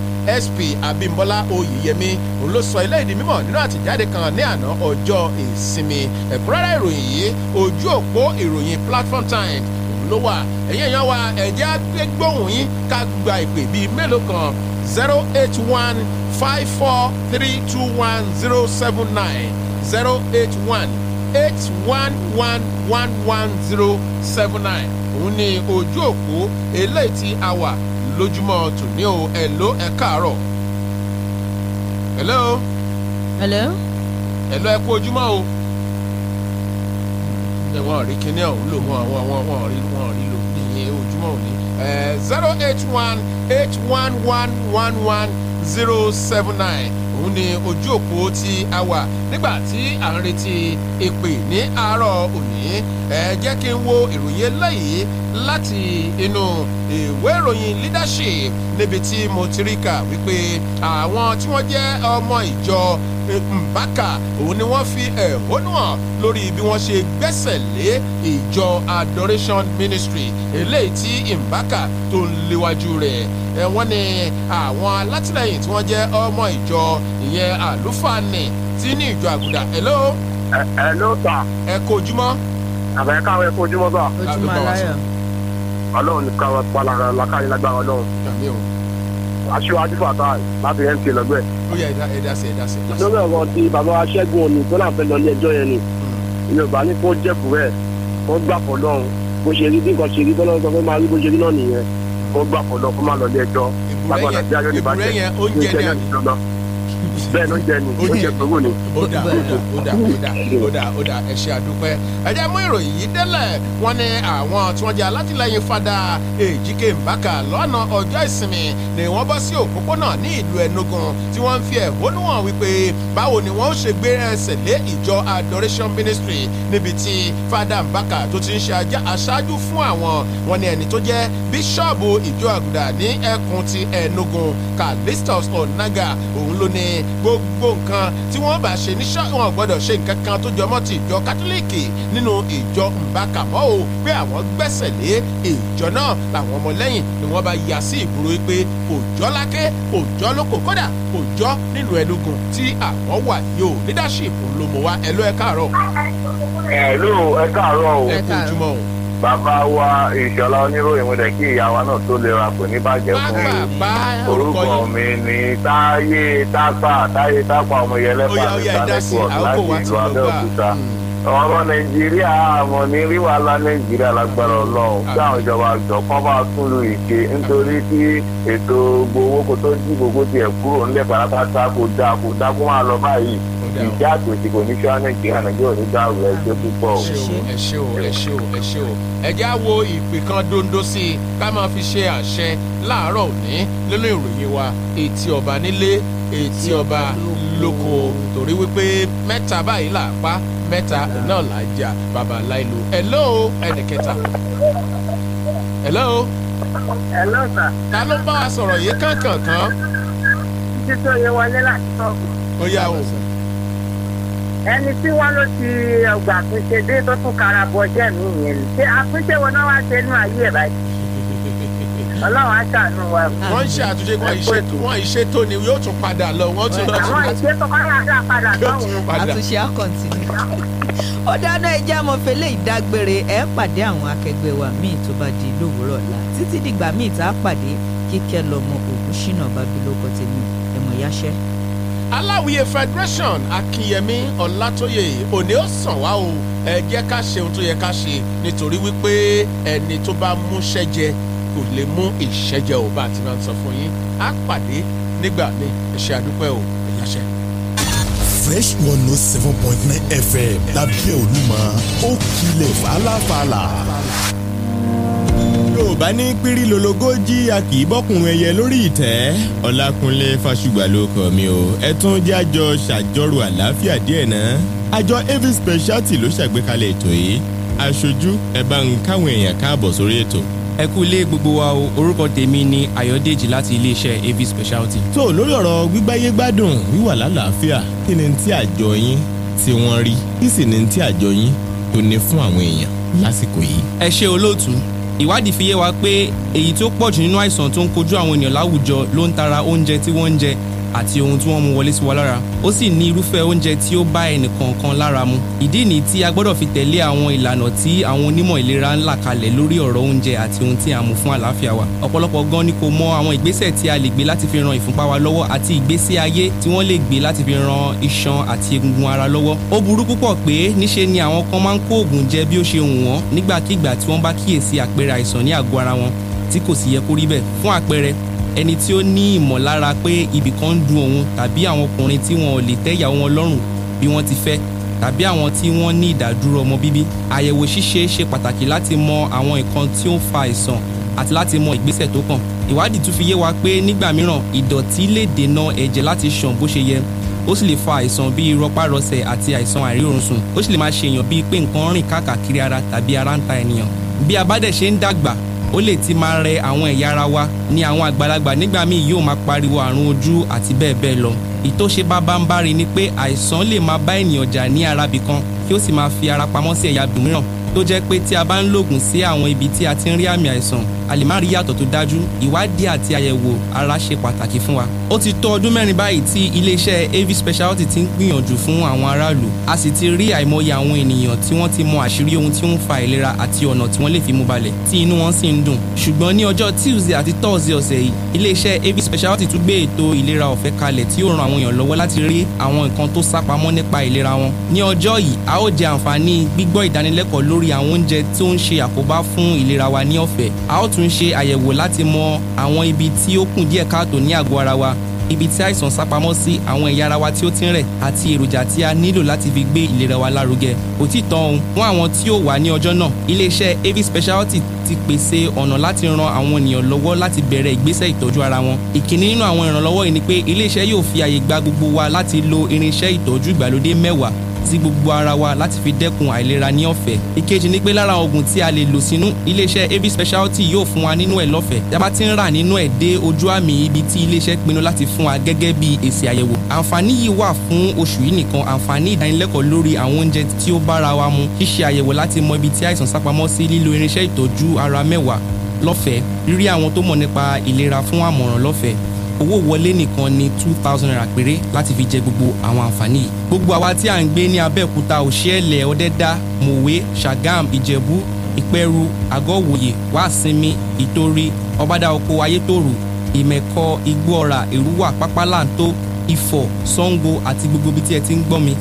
H: SP Abímbọ́lá Oyèyẹmí òun ló sọ eléyìí di mímọ̀ nínú àtìjáde kan ní àná ọjọ́ ìsinmi ẹ̀kúnrẹ́rẹ́ ìròyìn yìí ojú òpó ìròyìn platform time ló wà ẹ̀yin èèyàn wa ẹ̀jẹ̀ agbẹ́gbóhùn yín ká gba ìpè bíi mélòó kan zero eight one five four three two one zero seven nine zero eight one eight one one one one zero seven nine òun ni ojú òpó eléyìí tí a wà lójúmọ́ tòní o ẹ̀ ló ẹ̀ káàárọ̀. hello. hello. hello ẹ kú ojúmọ́ o ni wọn rí kíní ọ̀hún lò wọn wọn wọn wọn rí wọn rí lò nìyẹn ojúmọ́ òní zero eight one eight one one one one zero seven nine òun ni ojú òpó tí a wà nígbà tí à ń retí ìpè ní àárọ̀ òní ẹ jẹ́ kí n wo ìròyìn eléyìí láti inú ìwé ìròyìn leadership níbi tí mo ti rí kà wípé àwọn tí wọ́n jẹ́ ọmọ ìjọ eh, Mbaka òun ni wọ́n fi ẹ̀hónú hàn lórí bí wọ́n ṣe gbẹ́sẹ̀ lé ìjọ Adoration Ministry eléyìí tí Mbaka tó ń léwájú rẹ̀ wọ́n ní àwọn alátìlẹyìn tí wọ́n jẹ́ ọmọ ìjọ ìyẹn àlùfáà nì tí ní ìjọ àgùdà hello. hello ta. ẹ kojúmọ́ àbẹ̀yẹ káwọn ẹ̀kọ́ ojúmọ́ bá.
C: ojúmọ́ aláyọ̀.
I: ọlọ́run ní káwọn palára làkàyè lágbára ọlọ́run. aṣíwájú fàtà láti mc lọ́gbẹ̀ẹ́. ó yẹ
H: ẹ̀dá ẹ̀dá sí ẹ̀dá sí. lórí ọ̀rọ̀
I: ti bàbá aṣẹ́gun òní tó náà fẹ́ lọ ilé ẹjọ́ yẹn ni hmm. yorùbá ní kó jẹ́kù rẹ̀ kó gbà pọ̀ lọ́run bó ṣe rí bí nǹkan ṣe rí tọ́lọ́run sọ pé máa rí bó ṣe rí náà nìyẹn kó gbà pọ̀ lọ kó má lọ ilé ẹjọ́ lágbàdo
H: àti ayọ́nìbàjẹ́ ní ìṣẹ̀lẹ̀ ìjọba bẹ́ẹ̀ ló jẹ ni ó jẹ pẹ̀lú ni. ó dà ó dà ó dà ó dà ó dà ó dà ẹ ṣe àdúpẹ́ ẹ jẹ́ mú ìròyìn yìí délẹ̀ wọ́n ní àwọn tí wọ́n jẹ́ alátìlẹyìn fada èjìké mbàkà lọ́nà ọjọ́ ìsinmi ni wọ́n bọ́ sí òpópónà ní ìlú ẹnugun tí wọ́n ń fi ẹ̀hónú hàn wípé báwo ni wọ́n ó ṣe gbé ẹsẹ̀ lé ìjọ adoration ministry níbi tí fada mbàkà tó ti ń ṣe aṣáájú fún àwọn wọ́n ní ẹni tó jẹ́ bíṣọ́ọ̀bù ìjọ àgùdà ní ẹkùn ti ẹnugun callistus onaga òun ló ní gbogbo nǹkan tí wọ́n bá ṣe níṣẹ́ wọn gbọ́dọ̀ ṣe nǹkan kan tó jọmọ́ ti ìjọ kátólíìkì nínú ìjọ ńbàkàmọ́ o pé àwọn gbẹ́sẹ̀ lé ìjọ náà làwọn ọmọlẹ́yìn ni wọ́n bá ya sí ìgboro pé òjọ́ lákẹ́ òjọ́ lóko kódà òjọ́ nínú ẹnugun tí àwọn wà yóò leadership ló mọ̀ wá ẹ̀lú ẹ̀ káàárọ̀.
C: ẹ̀lú ẹ̀ káàárọ̀ o. ẹ̀
H: káàárọ̀ o bàbá wa ìṣọ̀lá oníròyìn mo dẹ̀ kí ìyàwó náà tó lera kò ní bàjẹ́ fún mi orúkọ
D: mi ni táyé tápà táyé tápà ọmọ ìyẹlẹ́pà ní sanẹ́tíwọ̀k láti ìlú abẹ́òkúta hmm. ọ̀rọ̀ nàìjíríà àmọ́ ní rí wàhálà nàìjíríà
A: lágbára
H: ọlọ́run tí àwọn ìjọba àjọ kan bá tún lu ìṣe nítorí tí ètò gbowó kó tó jí gbogbo tiẹ̀ kúrò ńlẹ̀ pátápátá kó dáa kó dáa kó máa lọ báyìí ìṣẹ́ àtòsí kò ní ṣọ́ nàìjíríà ní gbàrú ẹjọ́ púpọ̀. ẹ ṣé o ẹ ṣé o ẹ ṣé o ẹ jẹ́ á wo ìpè kan dondo sí i ká máa fi ṣe àṣẹ láàárọ̀ òní nínú ìròyìn wa etí ọba nílé etí ọba lóko torí wípé mẹ́ta báyìí là pa mẹ́ta náà là jà bàbá láìlo hello ẹnìkẹta hello. hello sir. ta ló bá wa sọ̀rọ̀ yìí kankan kan.
A: títí tó yẹ wọlé láti
E: sọ́ọ̀bù.
H: ó yà wò sàn
A: ẹni tí wọ́n ló ti ọgbà àtúnṣe dé tó tún kára bọ jẹ́ mi yẹn ni ṣé àtúnṣe
H: wo náà wá ṣe nínú ayé ẹ̀ báyìí ọlọ́run á ṣàánú wa. wọ́n ń ṣe àtúnṣe wọn ìṣètò
G: wọn ìṣètò ni yóò tún padà lọ wọ́n ti lọ sí. àwọn ìṣètò kan wà dá padà sọ́hún. àtúnṣe á kọ̀ǹtínú. ó dáná ẹjẹ́ amọ̀fẹ́lẹ́ ìdágbére ẹ̀ pàdé àwọn akẹgbẹ́ wa míì tó bá di lówùúrọ̀ ọ̀la títí dìgbà míì tá a pàdé kíkẹ́ lọ́mọ ògúnṣínà bábílókọ̀ tèmi ẹ̀mọ̀ yáṣẹ́
H: aláwìyé federation akínyẹmí ọlátóyè òní ó sàn wá o ẹ jẹ́ ká ṣe ohun tó yẹ ká ṣe nítorí wípé ẹni tó bá múṣẹ́ jẹ kò lè mú ìṣẹ́ ò bá àti máa sọ fún yín á pàdé nígbà míì ẹ àdúpẹ́ o ẹ̀yà ṣẹ́. fresh one note oh seven point nine fm lábẹ́ olúmọ ó kilẹ̀ fàlàfàlà yorùbá ní pírí lologójì a kì í bọ́kùnrin ẹyẹ lórí ìtẹ́
I: ọlákúnlé fásùgbà ló kọ mi o ẹ tún jẹ́ àjọ ṣàjọrò àlàáfíà díẹ̀ náà àjọ av speciality ló ṣàgbékalẹ̀ ètò yìí aṣojú ẹ bá ń káwọn
J: èèyàn káàbọ̀ sórí ètò. ẹ kú ilé gbogbo wa o orúkọ tèmi ni ayọ̀dèjì láti iléeṣẹ́ av speciality.
H: tó lórí ọ̀rọ̀ gbígbáyé gbádùn wíwà lálàáfíà kí ni tí àjọ yín
J: tí wọ́n rí kí sì ni tí àjọ yín tó ní fún àwọn èèyàn lásìkò yìí. ẹ ṣe olóòtú ìwádìí fi yé wa pé èyí tó pọ̀jù nínú àìsàn tó ń kojú àwọn ènìyàn láwùjọ ló ń tara oúnjẹ tí wọ́n ń jẹ àti ohun tí wọ́n mú wọlé sí wa lára ó sì ní irúfẹ́ oúnjẹ tí ó bá ẹnìkọ̀ọ̀kan lára mu ìdí nìyí tí a gbọ́dọ̀ fi tẹ̀lé àwọn ìlànà tí àwọn onímọ̀ ìlera ń là kalẹ̀ lórí ọ̀rọ̀ oúnjẹ àti ohun tí a mú fún àlàáfíà wa ọ̀pọ̀lọpọ̀ gan ni kò mọ àwọn ìgbésẹ̀ tí a lè gbé láti fi ran ìfúnpá wa lọ́wọ́ àti ìgbésí ayé tí wọ́n lè gbé láti fi ran iṣan àti egungun ara lọ́wọ́ ó burú púpọ̀ pé níṣe ni àwọn kan máa ń kó oògùn jẹ bí ó ṣe hù wọ́n nígbàkigbà tí wọ́n bá kíyèsí àpẹẹrẹ àìsàn ní àgọ́ ara wọn tí kò sì yẹ kó rí bẹ́ẹ̀ fún àpẹẹrẹ ẹni tí ó ní ìmọ̀lára pé ibì kan ń dun òun tàbí àwọn ọkùnrin tí wọn ò lè tẹ́ ìyàwó wọn lọ́rùn bí wọ́n ti fẹ́ tàbí àwọn tí wọ́n ní ìdádúró ọmọ bíbí àyẹ̀wò ṣíṣe ṣe pàtàkì láti mọ àwọn nǹkan tí ó ń fa àìsàn àti láti mọ ìgbésẹ̀ tó kàn ìwádìí tún fi yé wa pé nígbà mìíràn ìdọ̀tí lè dènà ẹ̀jẹ̀ láti ṣàn bó ṣe yẹ ó sì lè fa àìsàn bíi rọpárọsẹ̀ àti àìsàn àìríoorun ó sì lè máa ṣèyàn bíi pé nǹkan rìn káàkiri ara tàbí ara ń ta ènìyàn bí a bá dẹ̀ ṣe ń dàgbà ó lè ti máa rẹ àwọn ẹ̀yà ara wa ni àwọn àgbàlagbà nígbà míì yóò máa pariwo àrùn ojú àti bẹ́ẹ̀ bẹ́ẹ̀ lọ ìtòṣe bábáńbárí ni pé àìsàn lè máa bá ènìyàn jà ní arábì kan kí ó sì máa fi ara pamọ́ sí ẹ̀yà bìmíràn tó jẹ́ pé tí a bá ń lògùn sí àwọn ibi tí a ti ń rí àmì àìsàn a lè má rí yàtọ̀ tó dájú ìwádìí àti àyẹ̀wò ara ṣe pàtàkì fún wa. ó ti tó ọdún mẹ́rin báyìí tí iléeṣẹ́ av speciality ti ń gbìyànjú fún àwọn aráàlú a sì ti rí àìmọye àwọn ènìyàn tí wọ́n ti mọ àṣírí ohun tí ó ń fa ìlera àti ọ̀nà tí wọ́n lè fi mú balẹ̀ tí inú wọn sì ń dùn. ṣùgbọ́n ní ọjọ́ tuesday àti thursday ọ̀sẹ̀ yìí iléeṣẹ́ av speciality tún gbé ètò ìlera ọ̀fẹ́ kalẹ̀ tí ó ran àwọn èèyàn lọ́wọ́ láti rí àwọn nǹkan tó sápamọ́ nípa ìlera wọn. ní ọjọ́ yìí a ó jẹ àǹfààní gbígbọ́ ìdánilẹ́kọ̀ọ́ lórí àwọn oúnjẹ tó ń ṣe àkóbá fún ìlera wa ní ọ̀fẹ́ a ó t tún ṣe àyẹ̀wò láti mọ àwọn ibi tí ó kùn díẹ̀ káàtó ní àgọ́ ara wa ibi tí àìsàn sápamọ́ sí àwọn ẹ̀yà ara wa tí ó ti ń rẹ̀ àti èròjà tí a nílò láti fi gbé ìlera wa lárugẹ òtítọ́ ohun fún àwọn tí ó wà ní ọjọ́ náà iléeṣẹ́ av speciality ti pèsè ọ̀nà láti ran àwọn ènìyàn lọ́wọ́ láti bẹ̀rẹ̀ ìgbésẹ̀ ìtọ́jú ara wọn ìkíní nínú àwọn ìrànlọ́wọ́ yìí ni pé iléeṣẹ́ yóò fi àyè gba gbogbo wa láti lo irinṣẹ́ ìtọ́jú ìgbàlódé mẹ́wàá sí gbogbo ara wa láti fi dẹ́kun àìlera ní ọ̀fẹ́. ìkejì ni pé lára oògùn tí a lè lò sínú iléeṣẹ́ ab speciality yóò fún wa nínú ẹ̀ lọ́fẹ̀ẹ́ tí a bá ti ń rà nínú ẹ̀ dé ojú àmì ibi tí iléeṣẹ́ pinnu láti fún wa gẹ́gẹ́ bí èsì àyẹ̀wò. àǹfààní yìí wà fún oṣù yìí nìkan àǹfààní ìdánilẹ́kọ̀ọ́ lórí àwọn oúnjẹ tí ó bára wa mu ṣíṣe àyẹ̀wò láti mọ ibi tí àìsàn sápamọ́ sí lílo irinṣẹ́ ìtọ́jú ara mẹ́wàá lọ́fẹ̀ẹ́ rírí àwọn tó mọ̀ nípa ìlera fún àmọ̀ràn lọ́fẹ̀ẹ́ owó wọlé nìkan ni two thousand naira péré láti fi jẹ gbogbo àwọn àǹfààní yìí gbogbo àwa tí à ń gbé ní abẹ́òkúta òṣìẹ̀lẹ̀ ọ̀dẹ́dá mòwe ṣàgám ìjẹ̀bú ìpẹ́rù àgọ́wòye wàsinmi ìtorí ọ̀bádàoko ayétòrò ìmẹ̀kọ igbóọ̀rà èrúwà pápálàńtó ifọ̀ sango àti gbogbo ibi tí ẹ ti ń gbọ́ mi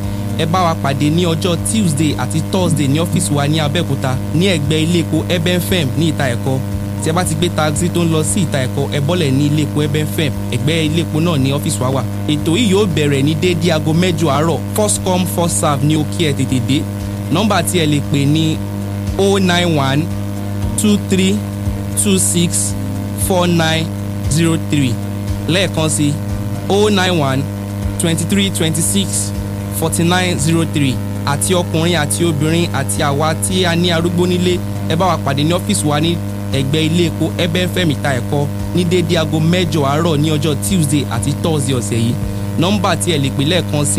J: ẹ bá wa pàdé ní ọjọ́ tuesday àti thursday ní ọ́fíìsì wa ní abẹ́òkúta ní ẹ̀gbẹ́ ilé epo ebenfem ní ìta ẹ̀kọ́ tí ẹ bá ti gbé taxi tó ń lọ sí ìta ẹ̀kọ́ ẹ bọ́lẹ̀ ní ilé epo ẹbẹ̀ fẹ́m ẹgbẹ́ ilé epo náà ní ọ́fíìsì wa wà. ètò yìí yóò bẹ̀rẹ̀ ní déédéé aago mẹ́jọ àárọ̀ first come first serve ní òkè ẹ̀ tètè dé nọ́mbà tí ẹ lè pè ní 091 23 26 4903 lẹ́ẹ̀kan sí 091 23 26 4903 àti ọkùnrin àti obìnrin àti àwa tí a ní arúgbó nílé ẹ bá wa pàdé ní ọ́fíìsì wa ní ẹgbẹ́ ilé epo ẹbẹ́fẹ́mi ta ẹ̀kọ́ ní déédé aago mẹ́jọ àárọ̀ ní ọjọ́ Tuesday àti Thursday ọ̀sẹ̀ yìí nọ́mbà tí ẹ lè pè lẹ́ẹ̀kan sí